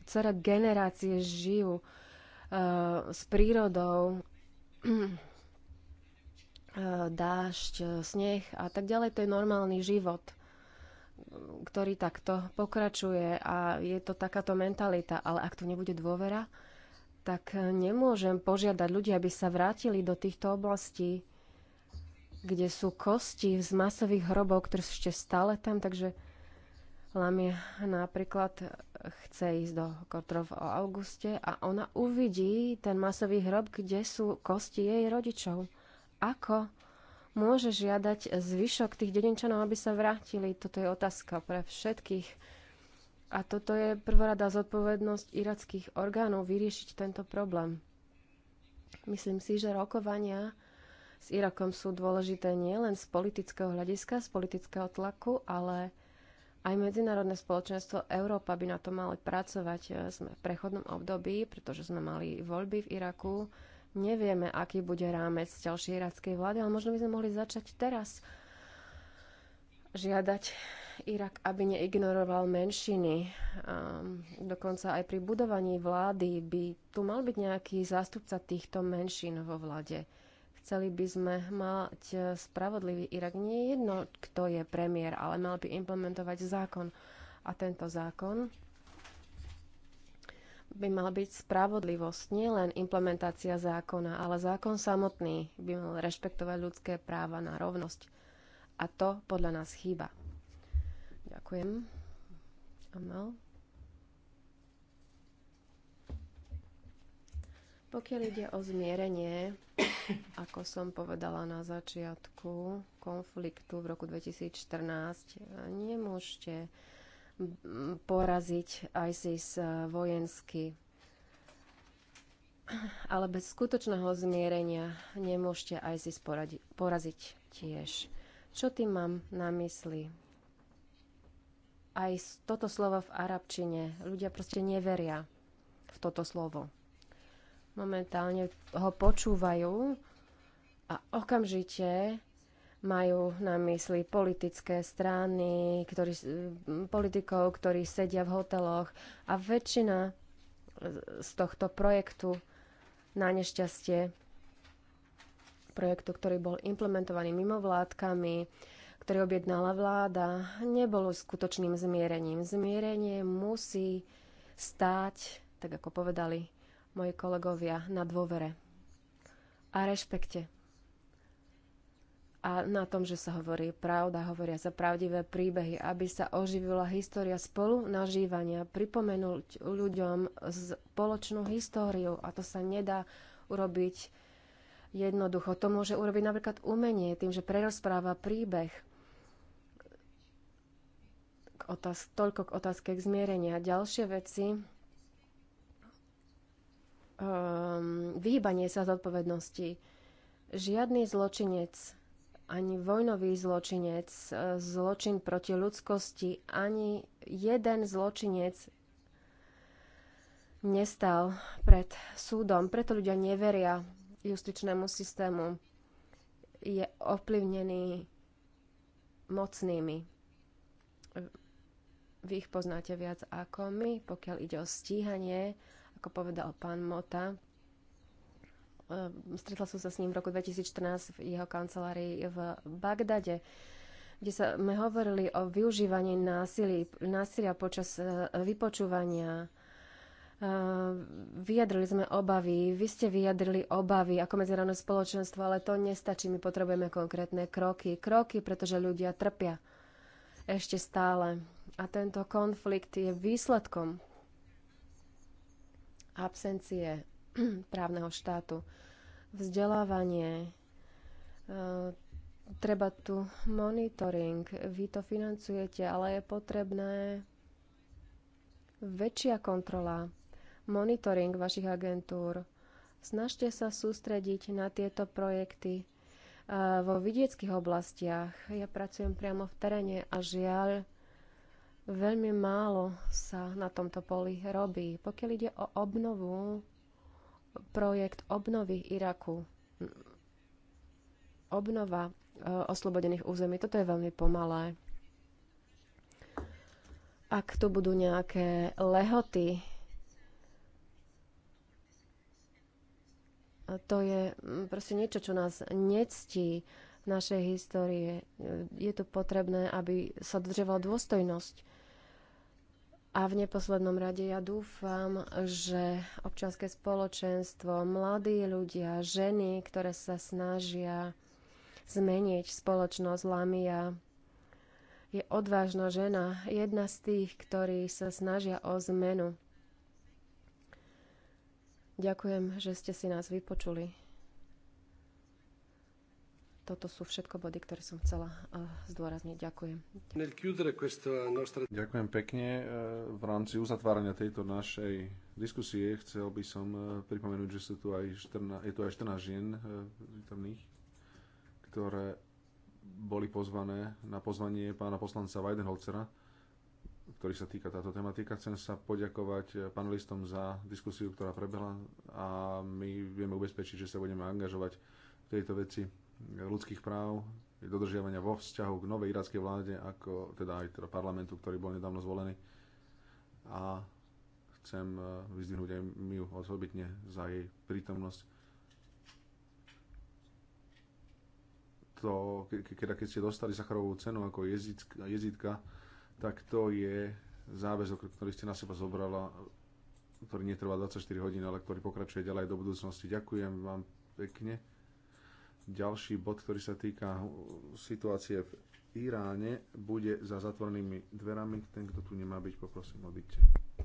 celé generácie žijú uh, s prírodou, dážď, sneh a tak ďalej. To je normálny život, ktorý takto pokračuje a je to takáto mentalita. Ale ak tu nebude dôvera, tak nemôžem požiadať ľudí, aby sa vrátili do týchto oblastí, kde sú kosti z masových hrobov, ktoré sú ešte stále tam, takže Lamia napríklad chce ísť do Kotrov o auguste a ona uvidí ten masový hrob, kde sú kosti jej rodičov. Ako môže žiadať zvyšok tých dedinčanov, aby sa vrátili? Toto je otázka pre všetkých. A toto je prvorada zodpovednosť irackých orgánov vyriešiť tento problém. Myslím si, že rokovania s Irakom sú dôležité nielen z politického hľadiska, z politického tlaku, ale aj medzinárodné spoločenstvo Európa by na to mali pracovať. Sme v prechodnom období, pretože sme mali voľby v Iraku. Nevieme, aký bude rámec ďalšej irackej vlády, ale možno by sme mohli začať teraz žiadať Irak, aby neignoroval menšiny. A dokonca aj pri budovaní vlády by tu mal byť nejaký zástupca týchto menšín vo vlade. Chceli by sme mať spravodlivý Irak. Nie je jedno, kto je premiér, ale mal by implementovať zákon. A tento zákon by mala byť spravodlivosť, nielen implementácia zákona, ale zákon samotný by mal rešpektovať ľudské práva na rovnosť. A to podľa nás chýba. Ďakujem. Amal. Pokiaľ ide o zmierenie, ako som povedala na začiatku konfliktu v roku 2014, nemôžete poraziť ISIS eh, vojensky. Ale bez skutočného zmierenia nemôžete ISIS poradi- poraziť tiež. Čo tým mám na mysli? Aj toto slovo v arabčine. Ľudia proste neveria v toto slovo. Momentálne ho počúvajú a okamžite majú na mysli politické strany, ktorí, politikov, ktorí sedia v hoteloch a väčšina z tohto projektu na nešťastie projektu, ktorý bol implementovaný mimo vládkami, ktorý objednala vláda, nebolo skutočným zmierením. Zmierenie musí stáť, tak ako povedali moji kolegovia, na dôvere a rešpekte a na tom, že sa hovorí pravda, hovoria sa pravdivé príbehy, aby sa oživila história spolu nažívania, pripomenúť ľuďom spoločnú históriu a to sa nedá urobiť jednoducho. To môže urobiť napríklad umenie, tým, že prerozpráva príbeh k otáz- toľko k otázke k zmierenia. Ďalšie veci, um, vyhýbanie sa zodpovednosti. Žiadny zločinec ani vojnový zločinec, e, zločin proti ľudskosti, ani jeden zločinec nestal pred súdom. Preto ľudia neveria justičnému systému. Je ovplyvnený mocnými. Vy ich poznáte viac ako my, pokiaľ ide o stíhanie, ako povedal pán Mota, Ehm, stretla som sa s ním v roku 2014 v jeho kancelárii v Bagdade, kde sme hovorili o využívaní násilí, násilia počas e, vypočúvania. Ehm, vyjadrili sme obavy, vy ste vyjadrili obavy ako medzinárodné spoločenstvo, ale to nestačí, my potrebujeme konkrétne kroky. Kroky, pretože ľudia trpia ešte stále. A tento konflikt je výsledkom absencie právneho štátu. Vzdelávanie, e, treba tu monitoring. Vy to financujete, ale je potrebné väčšia kontrola, monitoring vašich agentúr. Snažte sa sústrediť na tieto projekty e, vo vidieckých oblastiach. Ja pracujem priamo v teréne a žiaľ, veľmi málo sa na tomto poli robí. Pokiaľ ide o obnovu projekt obnovy Iraku, obnova e, oslobodených území, toto je veľmi pomalé. Ak tu budú nejaké lehoty, to je mm, proste niečo, čo nás nectí v našej histórie. E, je tu potrebné, aby sa dodržovala dôstojnosť a v neposlednom rade ja dúfam, že občanské spoločenstvo, mladí ľudia, ženy, ktoré sa snažia zmeniť spoločnosť Lamia, je odvážna žena, jedna z tých, ktorí sa snažia o zmenu. Ďakujem, že ste si nás vypočuli. Toto sú všetko body, ktoré som chcela eh, zdôrazniť. Ďakujem. Ďakujem pekne. Eh, v rámci uzatvárania tejto našej diskusie chcel by som eh, pripomenúť, že sú tu aj 14, je tu aj 14 žien prítomných, ktoré boli pozvané na pozvanie pána poslanca Weidenholzera, ktorý sa týka táto tematika. Chcem sa poďakovať panelistom za diskusiu, ktorá prebehla a my vieme ubezpečiť, že sa budeme angažovať v tejto veci ľudských práv, dodržiavania vo vzťahu k novej irackej vláde, ako teda aj teda parlamentu, ktorý bol nedávno zvolený. A chcem e, vyzdvihnúť aj Miu osobitne za jej prítomnosť. To, keď, keď ste dostali Sacharovú cenu ako jezidka, jezidka, tak to je záväzok, ktorý ste na seba zobrala, ktorý netrvá 24 hodín, ale ktorý pokračuje ďalej do budúcnosti. Ďakujem vám pekne. Ďalší bod, ktorý sa týka situácie v Iráne, bude za zatvorenými dverami. Ten, kto tu nemá byť, poprosím, odíďte.